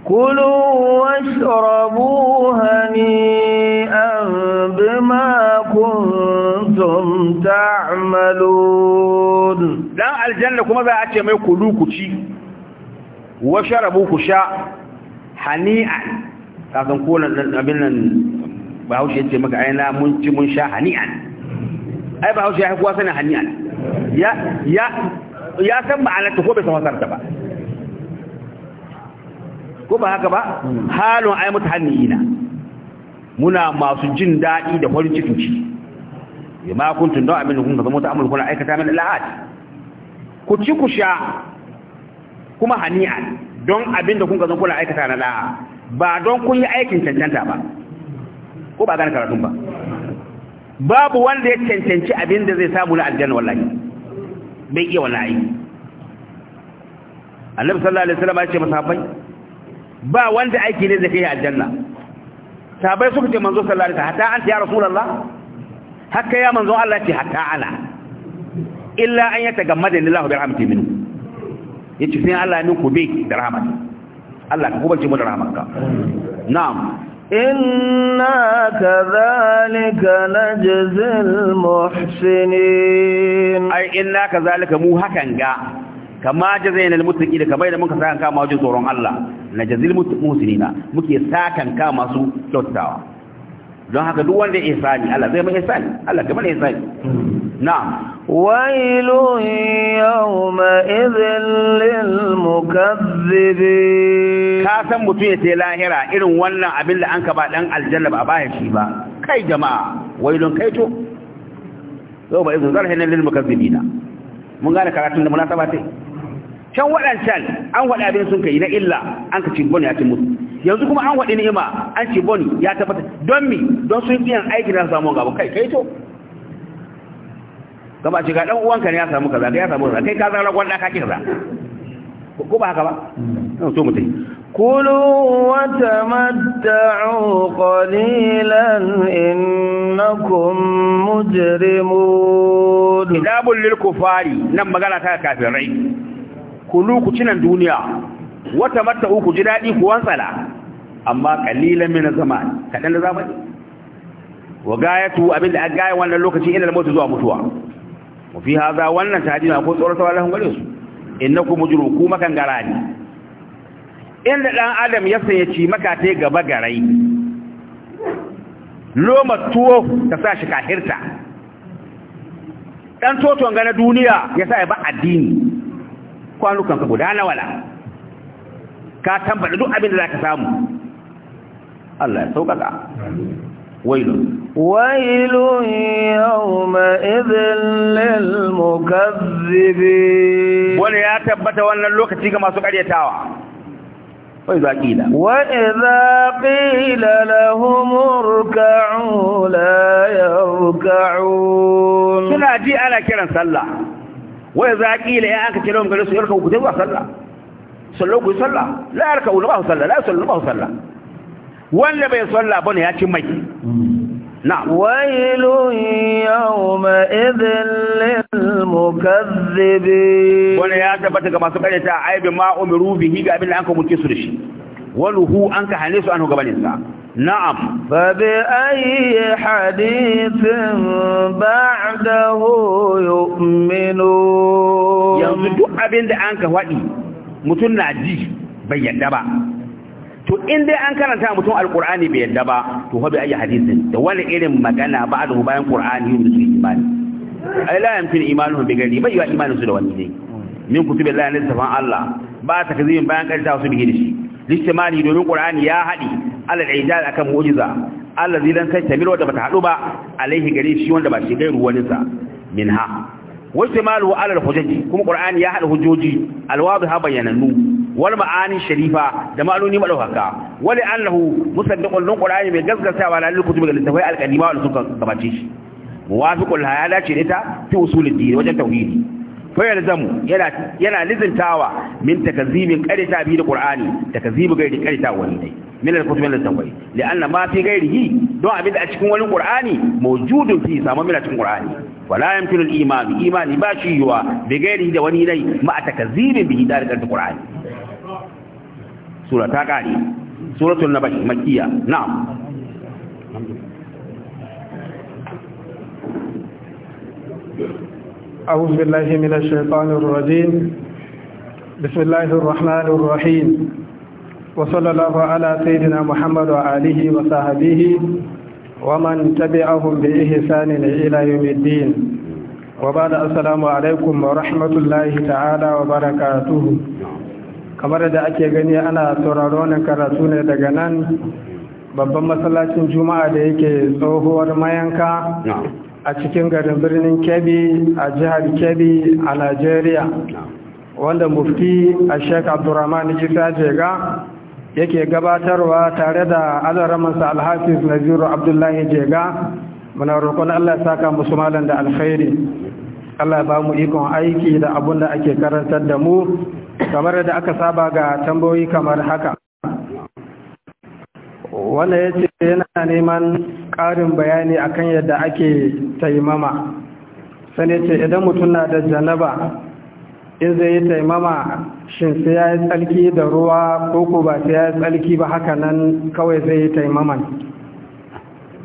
كلوا واشربوا هنيئا بما كنتم تعملون لان الجنة كما بقى اتيا ما يقولوا كتي واشربوا كشاء هنيئا لكن كولا نبينا بحوش يتيا مقعينا منتي منشا هنيئا اي بحوش يحقوا سنة هنيئا يا يا يا سمع على تخوبة سمسرتبا ko ba haka ba halin ai mutahanniina muna masu jin daɗi da farin cikin ciki bima kuntum da amin kun zama ta amul kuna aikata min al'ad ku ci ku sha kuma hani'a don abin da kun zama kuna aikata na la'a ba don kun yi aikin cancanta ba ko ba gane karatun ba babu wanda ya cancanci abin da zai samu na aljanna wallahi bai iya wallahi annabi sallallahu alaihi wasallam ya ce masahabai ba wanda aiki ne zai kai aljanna sabai suka ce manzo sallallahu alaihi wasallam hatta anta ya rasulullah haka ya manzo Allah ce hatta ana illa an yatagammada lillahi bi rahmatihi minhu yace sai Allah min ku bi da rahmat Allah ka kubace mu da rahmatka na'am inna kadhalika najzil muhsinin ai inna kadhalika mu hakan ga kama jazainal muttaqin kamar da muka saka kama wajen tsoron Allah na jazil muhsinina muke sakan kama su kyautawa don haka duk wanda ya ihsani Allah zai mai ihsani Allah kamar ihsani na'am wailun yawma idhil lil mukaththibin ka san mutun ya tai lahira irin wannan abin da an ka ba dan aljanna ba ba shi ba kai jama'a wailun kai to yawma idhil zarhin lil mukaththibina mun gane karatun da munasaba tai can waɗancan an waɗa abin sun kai na illa an ka cibon ya ci musu yanzu kuma an waɗi ni'ima an cibon ya tabbata don mi don sun biyan aiki na samu gaba kai kai to gaba ce ga ɗan uwanka ne ya samu kaza ya samu kaza kai ka zara gwanda ka kira ko ba haka ba to mutai qalilan innakum mujrimun إنكم lil kufari nan magana ta kafirai kulu ku cinan duniya wata matta ku ji daɗi ku wantsala amma kalilan min zaman kaɗan da zamani wa gayatu abin da aka gaya wannan lokaci ila mutu zuwa mutuwa mu fi haza wannan ta ko tsoro tsoratarwa lahum gare su innakum mujrum ku makan garani inda dan adam ya ci maka tai gaba garai loma tuwo ta sa shi kahirta dan toton ga na duniya ya sa ya ba addini kwanukan ka guda wala ka tambada duk abin da zaka samu Allah ya sauƙaƙa wailun wailun yawma idhil lil mukazzibin wala ya tabbata wannan lokaci ga masu ƙaryatawa وإذا قيل وإذا قيل لهم اركعوا لا يركعون سنأتي على كلا سلّى wai za kila ya aka kira mun su yarka ku tafi sallah sallo ku sallah la yarka ba sallah la sallu ba sallah wanda bai sallah bane ya ci mai نعم ويل يومئذ للمكذبين وانا يا تبتك higa abin da an أمروا به su da shi. waluhu an ka hane su an gabanin sa na'am fa ayi hadithin ba'dahu yu'minu yanzu duk abin da an ka wadi mutum na ji bai yadda ba to in dai an karanta mutum alqur'ani bai yadda ba to fa ayi hadithin da wani irin magana ba ba'dahu bayan qur'ani yu'minu imani ai la yamkin imanuhum bi gari bai yi imanin su da wani ne min kutubillahi ne tafan Allah ba ta kazimin bayan karanta su bihi da shi lishtimali domin qur'ani ya hadi alal ijaz akan mu'jiza allazi dan sai tamir wanda bata haɗu ba alaihi gare shi wanda ba shi gairu wani sa minha wajtimalu alal hujjaji kuma qur'ani ya hada hujjoji alwadhiha bayyanannu wal ma'ani sharifa da ma'anoni madauhaka wali annahu musaddiqul ƙur'ani mai gaskatawa lalil kutubi gal tafai alqadima wal suka gabace shi muwafiqul dace ce ita fi usulid din wajen tauhidi fayar zamu yana yana lizintawa min takazibin karita biyu da qur'ani takazibu gairi karita wani dai min al-kutub min al-tawhid li'anna ma fi ghairihi don abinda a cikin wani qur'ani mawjudun fi samu min cikin qur'ani wala yamkinu al-iman imani ba shi yuwa bi ghairihi da wani dai ma a takazibin biyu da al-qur'ani sura ta kare suratul naba'i makkiya na'am أعوذ بالله من الشيطان الرجيم بسم الله الرحمن الرحيم وصلى الله على سيدنا محمد وآله وصحبه ومن تبعهم بإحسان إلى يوم الدين وبعد السلام عليكم ورحمة الله تعالى وبركاته kamar da ake gani ana sauraro na karatu ne daga nan babban masallacin juma'a da yake tsohuwar mayanka a cikin garin birnin kebbi a jihar kebbi a Najeriya, wanda mufti a shek abdurrahman isa jega yake gabatarwa tare da alaramansa alhafiz naziru abdullahi jega muna roƙon allah saka musu malam da alkhairi allah ba mu ikon aiki da abun da ake karantar da mu kamar da aka saba ga tambayoyi kamar haka wanda ya ce yana neman ƙarin bayani akan yadda ake taimama sai ce idan mutum na da janaba in zai yi taimama shi sai ya yi tsarki da ruwa ko ko ba su ya yi tsarki ba haka nan kawai zai yi taimaman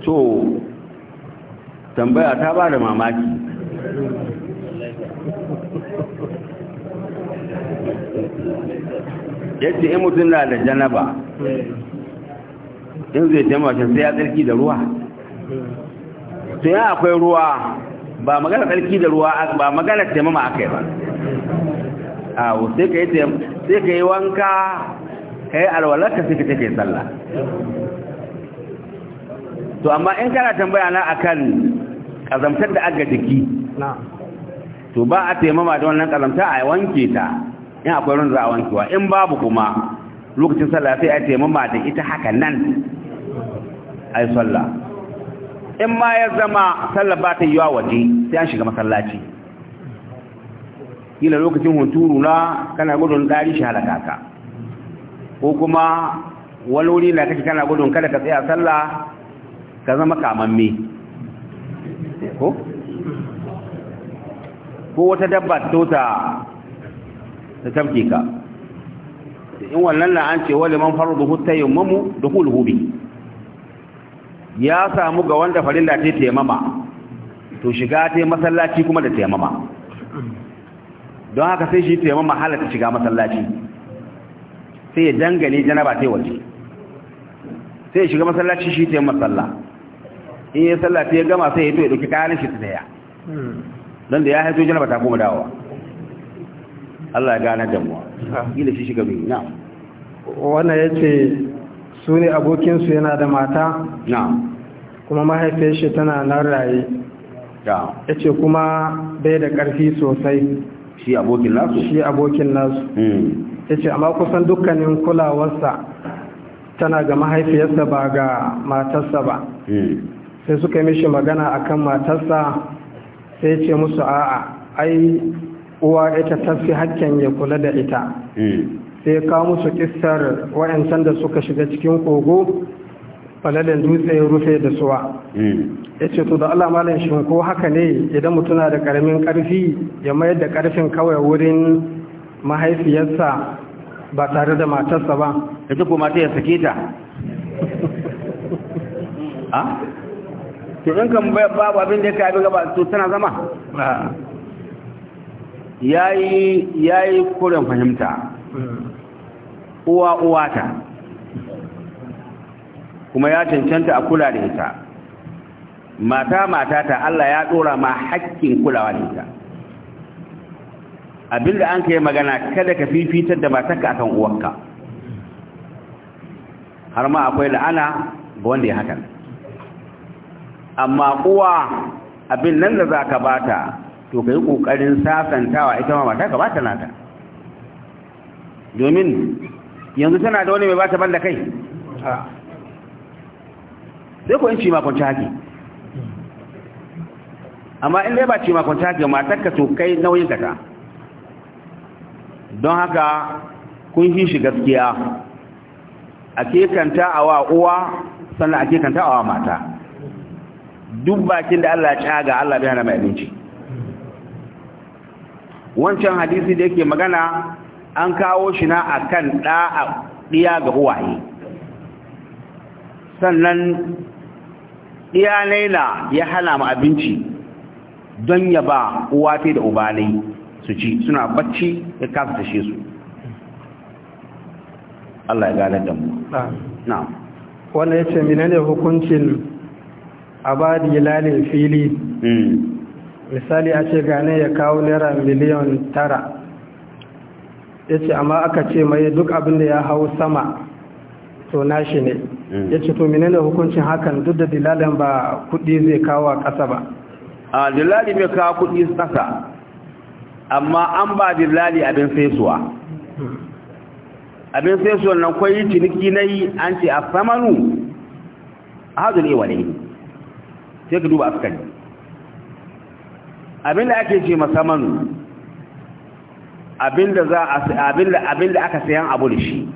to tambaya ta ba da mamaki yadda in mutum na da janaba in zai taimaka shi sai ya tsarki da ruwa sai ya akwai ruwa ba magana tsarki da ruwa ba magana taimama yi ba awo sai ka yi sai ka yi wanka ka yi alwalarka sai ka take sallah to amma in kana tambaya na akan kazamtar da aga jiki to ba a taimama da wannan kazamta a wanke ta in akwai runza za a wankewa in babu kuma lokacin sallah sai a taimama da ita haka nan ai sallah in ma ya zama sallah ba ta yiwa waje sai an shiga masallaci kila lokacin hunturu na kana gudun dari shi halaka ka ko kuma walwuri na kake kana gudun kada ka tsaya sallah ka zama kamamme ko ko wata dabba tota ta tabke ka in wannan na an ce wale man farduhu tayammamu dukhuluhu bihi ya samu ga wanda farilla ta taimama to shiga ta masallaci kuma da taimama don haka sai shi taimama halatta shiga masallaci sai ya dangane janaba ta waje sai ya shiga masallaci shi taimama salla in ya salla ta ya gama sai ya to ya dauki kayan shi tsaya don da ya haito janaba ta kuma dawowa Allah ya gane damuwa gina shi shiga bin na wannan yace su ne abokinsu yana da mata kuma mahaifiyar shi tana nan raye ya ce kuma bai da ƙarfi sosai shi abokin nasu shi abokin nasu hmm. ya ce amma kusan dukkanin kulawarsa tana ga mahaifiyarsa ba ga matarsa ba hmm. sai suka mishi magana akan matarsa sai ce musu a'a ai uwa ita tafi hakken ya kula da ita hmm. sai ka musu kistar wayancan da suka shiga cikin kogo falalin dutse ya rufe da suwa hmm. ya ce to da Allah malin shin ko haka ne idan mutuna da karamin karfi ya mayar da karfin kawai wurin mahaifiyarsa ba tare da matarsa ba ita ko ta ya sake ta <laughs> ah? to in kan babu abin da ya kai abin gaba to tana zama yayi yayi koren fahimta uwa uwata kuma ya cancanta a kula da ita mata mata Allah ya dora ma haƙƙin kulawa da ita abinda an kai magana kada ka fifitar da matarka akan uwarka har ma akwai la'ana ga wanda ya hakan amma uwa abin nan da za ka bata to ka yi ƙoƙarin sasantawa ita ma mata ka ba ta nata domin yanzu tana da wani mai ba ta ban da kai sai ko in ci makonci haƙi amma in dai ba ci makonci haƙi ka to kai nauyin ka ta don haka kun fi shi gaskiya a kekanta a wa uwa sannan a kekanta a wa mata duk bakin da Allah ya caga Allah bai hana mai abinci wancan hadisi da yake magana an kawo shi na akan da'a diya ga uwaye sannan diya laila ya hana mu abinci don ya ba uwa ta da uba su ci suna bacci ya kasa tashe su Allah ya gane da mu na'am wannan yace menene hukuncin abadi lalil fili hmm. misali a ce gane ya kawo naira miliyan tara ya ce amma aka ce mai duk abin da ya hau sama to nashi ne mm. ya ce to da hukuncin hakan duk da dilalin ba kudi zai kawo a ƙasa ba a dilali mai kawo kudi ƙasa amma an ba dilali abin saisuwa abin saisuwa nan kwayi ciniki na yi an ce a samanu a hajjul ne ne sai ka duba askari Abin da ake ce masaman da za a abin da aka sayan abu da shi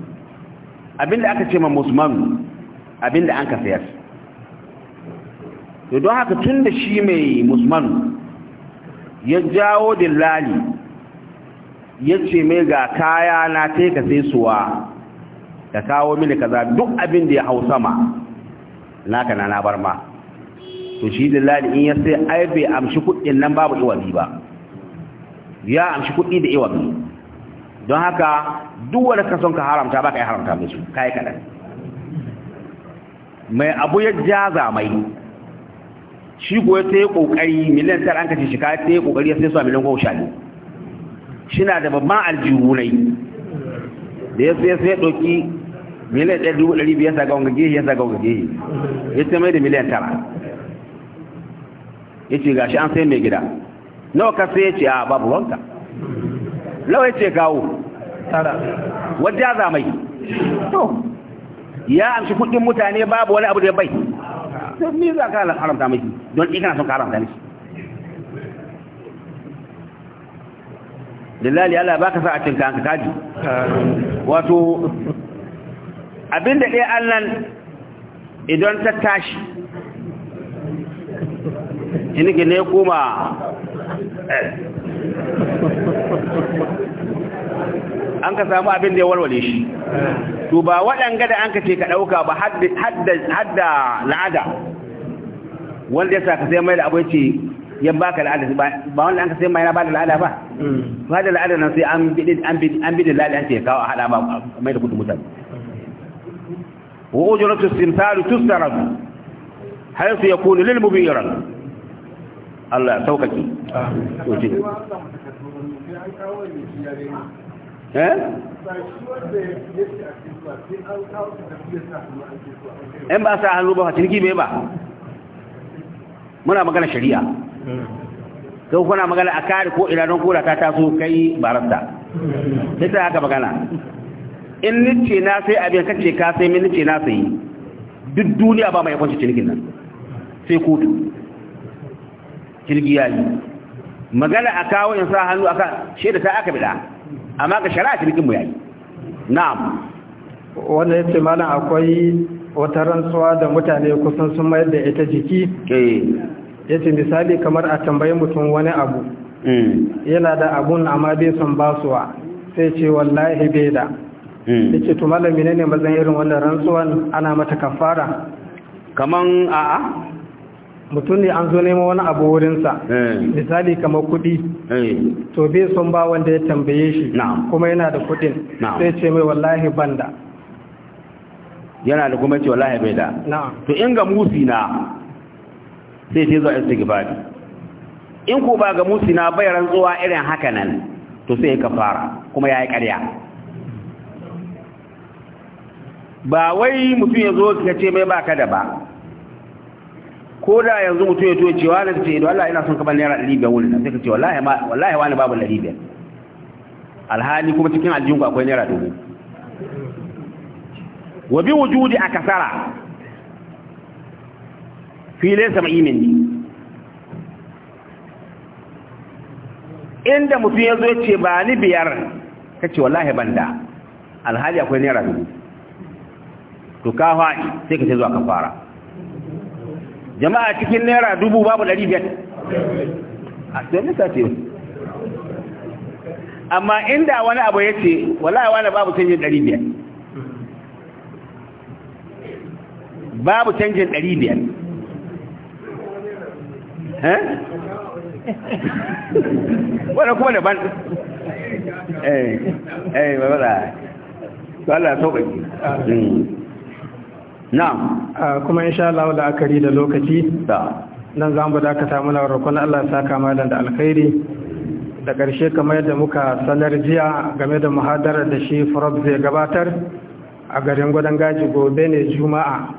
abin da aka ce ma musman da an ka sayar to don haka tun da shi mai musman ya jawo dillali ya ce mai ga kaya na ta ka sai suwa ka kawo mini kaza duk abin da ya hau sama na kana na bar ma to shi lillahi in ya sai ai bai amshi kuɗin nan babu iwabi ba ya amshi kuɗi da iwabi don haka duk wanda ka son ka haramta ba ka yi haramta musu su yi kaɗan mai abu ya jaza mai shi kuwa sai ya kokari miliyan tara an kace shi ka sai ya kokari ya sai su a miliyan goma sha biyu shina da babban aljihu ne da ya sai ya doki miliyan 1500 dubu ɗari sa ga wanga ya sa ga wanga ya sai mai da miliyan tara yace gashi an sai mai gida nawa ka sai yace a ah, babu wanka nawa yace kawo tara wadda za mai to ya amshi kudin mutane babu wani abu da bai to me za ka haramta mai don kana son ka haramta ne lillahi Allah baka sa a cinka ka kaji wato abinda dai Allah idan ta tashi jinigi ne kuma an ka samu abin da ya walwale shi to ba waɗanga da an ka ce ka ɗauka ba hadda la'ada wanda ya sa ka sai mai da abai ce ya baka la'ada ba wanda an ka sai mai na ba da la'ada ba mm. ba da la'ada nan sai an bi da la'ada an ce kawo a haɗa ba mai da kudu mutane wa ujuratu har su ya yakunu lil Allah ya sauƙaƙi eh? eh in ba sa hannu ba ciniki bai ba muna magana shari'a hmm. ko kuna magana a kari ko idanun kura ta taso kai barasta sai ta haka magana in nice na sai abin kace ka sai min nice na sai duk duniya ba mai kwanci cikin nan sai kotu tirgiya ya yi magana a kawo in sa hannu akan shaida ta aka bida amma ga shari'a jirgin mu ya yi na'am wanda yace malam akwai wata rantsuwa da mutane kusan sun mayar da ita jiki eh. yace misali kamar a tambayi mutum wani abu hmm. yana da abun amma bai son basuwa sai ce wallahi bai da hmm. yace to malam ne ne mazan irin wannan rantsuwan ana mata kafara kaman a'a mutum ne an zo neman wani abu wurinsa eh. misali kamar kuɗi eh. to bai sun ba wanda ya tambaye shi kuma yana da kuɗin sai ce mai wallahi banda yana da kuma ce wallahi bai da to in ga musina, na sai ce zuwa istighfari in ko ba ga musina na bai rantsuwa irin haka nan to sai ka fara, kuma ya yi ƙarya ba wai mutum ya zo ka ce mai baka da ba ko da yanzu mutum ya toye cewa da ce da Allah ina son ka ban naira 500 wurin sai ka ce wallahi ma wallahi wani babu 500 alhali kuma cikin aljihun ku akwai naira dubu. wa bi wujudi akasara fi laysa ma'imin inda mutum ya zo ya ce ba ni biyar ka ce wallahi banda alhali akwai naira dubu to ka fa'i sai ka ce zuwa kafara jama'a cikin naira dubu babu ɗari biyar a cikin lissafi amma inda wani abu ya ce wala wani babu canjin ɗari biyar babu canjin ɗari biyar <laughs> wadda kuma daban eh eh ba ba da Allah ya na'am ah, kuma insha Allah la'akari da lokaci da nan za mu dakata muna roƙon Allah ya saka da alkhairi da karshe kamar yadda muka sanar jiya game da muhadarar da shi Farab zai gabatar a garin gudan gaji gobe ne juma'a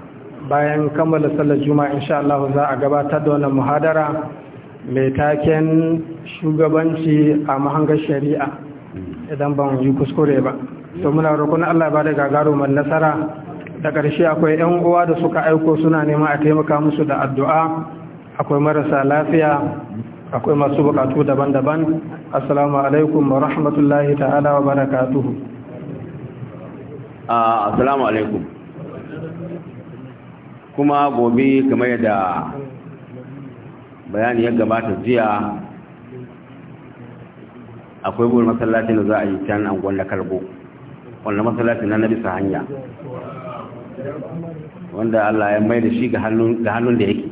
bayan kammala sallar juma'a insha Allah za a gabatar da wannan muhadara mai taken shugabanci a mahangar shari'a idan ban yi kuskure ba to muna roƙon Allah ba da gagarumar nasara da ƙarshe akwai 'yan uwa da suka aiko suna nema a taimaka musu da addu'a akwai marasa lafiya akwai masu bukatu daban-daban assalamu alaikum wa rahmatullahi ta'ala wa barakatuhu ah, assalamu alaikum kuma gobe kamar yadda bayani ya gabata jiya akwai gurin masallacin da za a yi can an gwanda karbo wannan masallacin na na bisa hanya wanda Allah ya mai da shi ga hannun da yake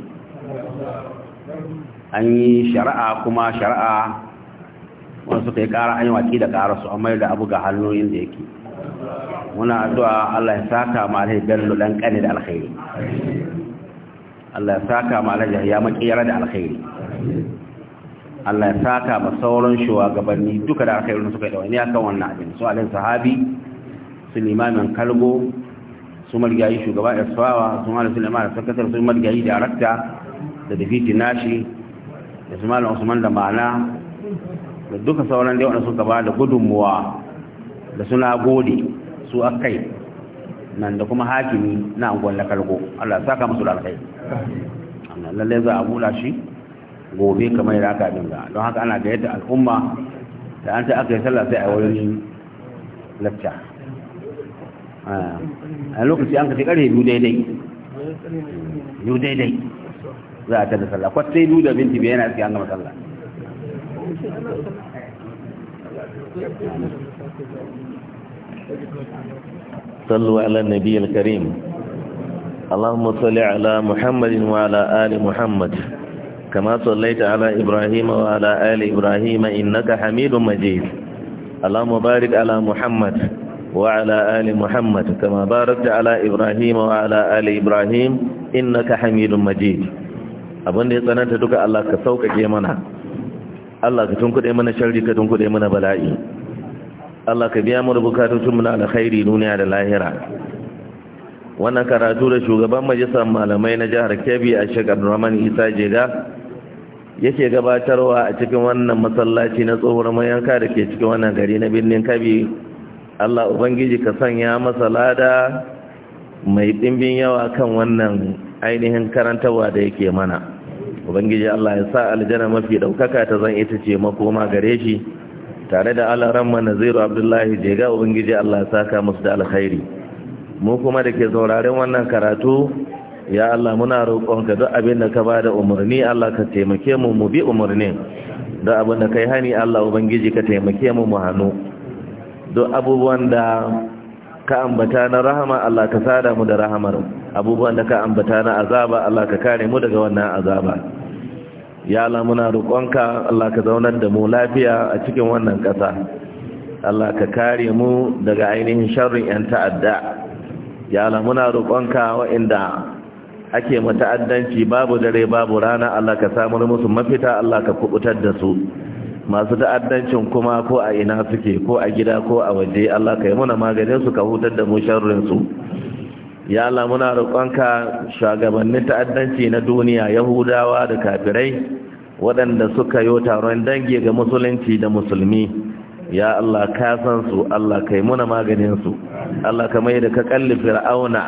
an yi shari'a kuma shari'a wani suka yi ƙara an yi waƙi da kara su an mai da abu ga hannun da yake muna addu'a Allah ya saka ma alhaji bello dan kane da alkhairi Allah ya saka ma alhaji ya makiyara da alkhairi Allah ya saka ma sauran shugabanni duka da alkhairi suka yi da wani akan wannan abin su alin sahabi su limamin kalgo su marigayi shugaba esfawa su malam sulaiman da sakatar su marigayi darakta da dafiti nashi da su malam usman da ma'ana da duka sauran dai wanda suka ba da gudunmuwa da suna gode su akai, nan da kuma hakimi na angon lakalgo allah saka musu da alkai lallai za a bula shi gobe kamar yadda aka dinga don haka ana gayyata al'umma da an ta aka yi sallah sai a wurin lacca Eh. a lokaci an kashe ƙarfe biyu daidai biyu daidai za a tada sallah kwatai biyu da binti biyu yana suke gama sallah sallu ala nabi al-karim اللهم صل على محمد وعلى آل محمد كما صليت على إبراهيم وعلى آل إبراهيم إنك حميد مجيد اللهم بارك على وعلى آل محمد كما باركت على إبراهيم وعلى آل إبراهيم إنك حميد مجيد abin da ya tsananta duka Allah ka sauƙaƙe mana Allah ka tunkuɗe mana sharri ka tunkuɗe mana bala'i Allah ka biya mana bukatunmu na alkhairi duniya da lahira wannan karatu da shugaban majalisar malamai na jihar Kebbi a Sheikh Isa Jega yake gabatarwa a cikin wannan masallaci na tsohuwar mayanka da ke cikin wannan gari na birnin Kabi. Allah Ubangiji ka sanya masa lada mai ɗimbin yawa kan wannan ainihin karantarwa da yake mana Ubangiji Allah ya sa aljanna mafi ɗaukaka ta zan ita ce makoma gare shi tare da alaran Naziru abdullahi jega Ubangiji Allah ya saka musu da alkhairi mu kuma da ke sauraren wannan karatu ya Allah muna roƙonka duk abin da ka ba da umarni Allah ka taimake mu mu bi umarnin da abin da kai hani Allah ubangiji ka taimake mu mu hannu Don abubuwan da ka ambata na rahama Allah ka sada mu da rahamar abubuwan da ka ambata na azaba Allah ka kare mu daga wannan azaba ya Allah muna roƙonka Allah ka zaunar da mu lafiya a cikin wannan ƙasa Allah ka kare mu daga ainihin sharrin 'yan ta'adda ya Allah muna roƙonka waɗanda ake mata'addanci babu dare babu rana Allah ka samu musu mafita Allah ka kubutar da su masu ta'addancin kuma ko a ina suke ko a gida ko a waje Allah ka yi muna maganin su ka hutar da mu sharrinsu. ya Allah muna roƙonka shugabannin ta'addanci na duniya yahudawa da kafirai waɗanda suka yi taron dangi ga musulunci da musulmi ya Allah ka san su Allah ka yi muna maganin su Allah ka mai da ka kalli fir'auna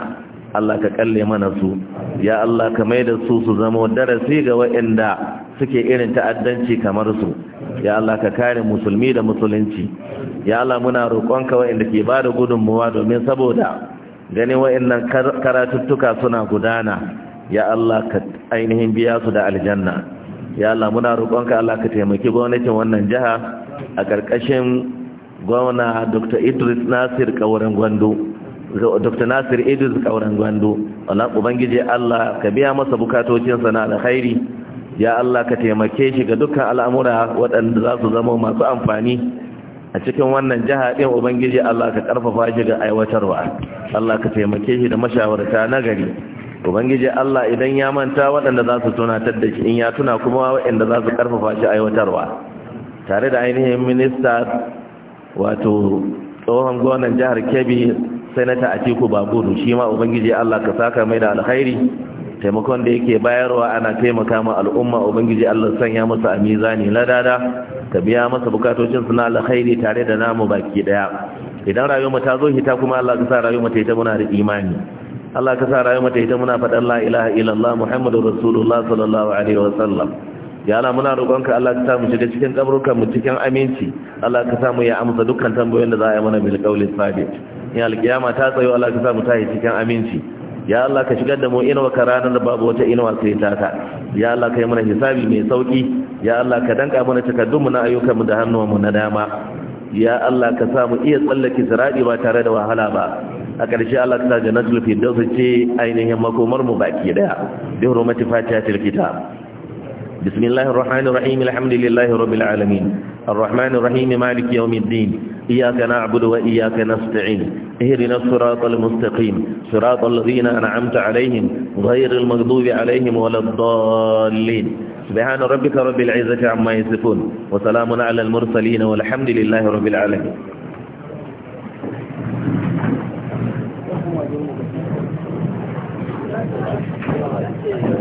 Allah ka kalle mana su ya Allah ka mai da su su zama darasi ga waɗanda suke irin ta'addanci kamar su ya Allah ka kare musulmi da musulunci ya Allah muna roƙonka waɗanda ke bada gudunmuwa domin saboda ganin waɗannan karatuttuka suna gudana ya Allah ka ainihin biya su da aljanna ya Allah muna roƙonka Allah ka taimaki gwamnatin wannan jiha a ƙarƙashin gwamna Dr. Idris Nasir Kauren Gwando Dr. Nasir Idris Kauren Gwando wannan ubangije Allah ka biya masa bukatocinsa na alkhairi ya Allah ka taimake shi ga dukkan al'amura waɗanda za su zama masu amfani a cikin wannan jiha ɗin ubangiji Allah ka ƙarfafa shi ga aiwatarwa Allah ka taimake shi da mashawarta na gari ubangiji Allah idan ya manta waɗanda za su tunatar da shi in ya tuna kuma waɗanda za su ƙarfafa shi aiwatarwa tare da ainihin minista wato tsohon gwamnan jihar kebbi sanata atiku Babur, shi ma ubangiji Allah ka saka mai da alkhairi taimakon da yake bayarwa ana taimaka ma al'umma ubangiji Allah sanya masa a mizani na dada ka biya masa bukatocin suna alkhairi tare da namu baki daya idan rayuwar ta zo hita kuma Allah ka sa rayuwar ta ita muna da imani Allah ka sa rayuwar ta ita muna faɗan la ilaha illallah muhammadur rasulullah sallallahu alaihi wasallam ya Allah muna roƙonka Allah ka sa mu shiga cikin kabrukan mu cikin aminci Allah ka sa mu ya amsa dukkan tambayoyin da za a yi mana bil qawli sabit ya alkiyama ta tsayo Allah ka sa mu tahi cikin aminci ya Allah ka shigar da mu inuwa ka ranar babu wata inuwa sai taka ya Allah ka mana hisabi mai sauki ya Allah ka danka mana takaddunmu na mu da mu na dama ya Allah ka sa mu iya tsallake sirati ba tare da wahala ba a ƙarshe Allah ta jannatul firdaus ce ainihin makomar mu baki daya bi hurmati til kitab بسم الله الرحمن الرحيم الحمد لله رب العالمين الرحمن الرحيم مالك يوم الدين إياك نعبد وإياك نستعين اهدنا الصراط المستقيم صراط الذين أنعمت عليهم غير المغضوب عليهم ولا الضالين سبحان ربك رب العزة عما يصفون وسلام على المرسلين والحمد لله رب العالمين Thank you.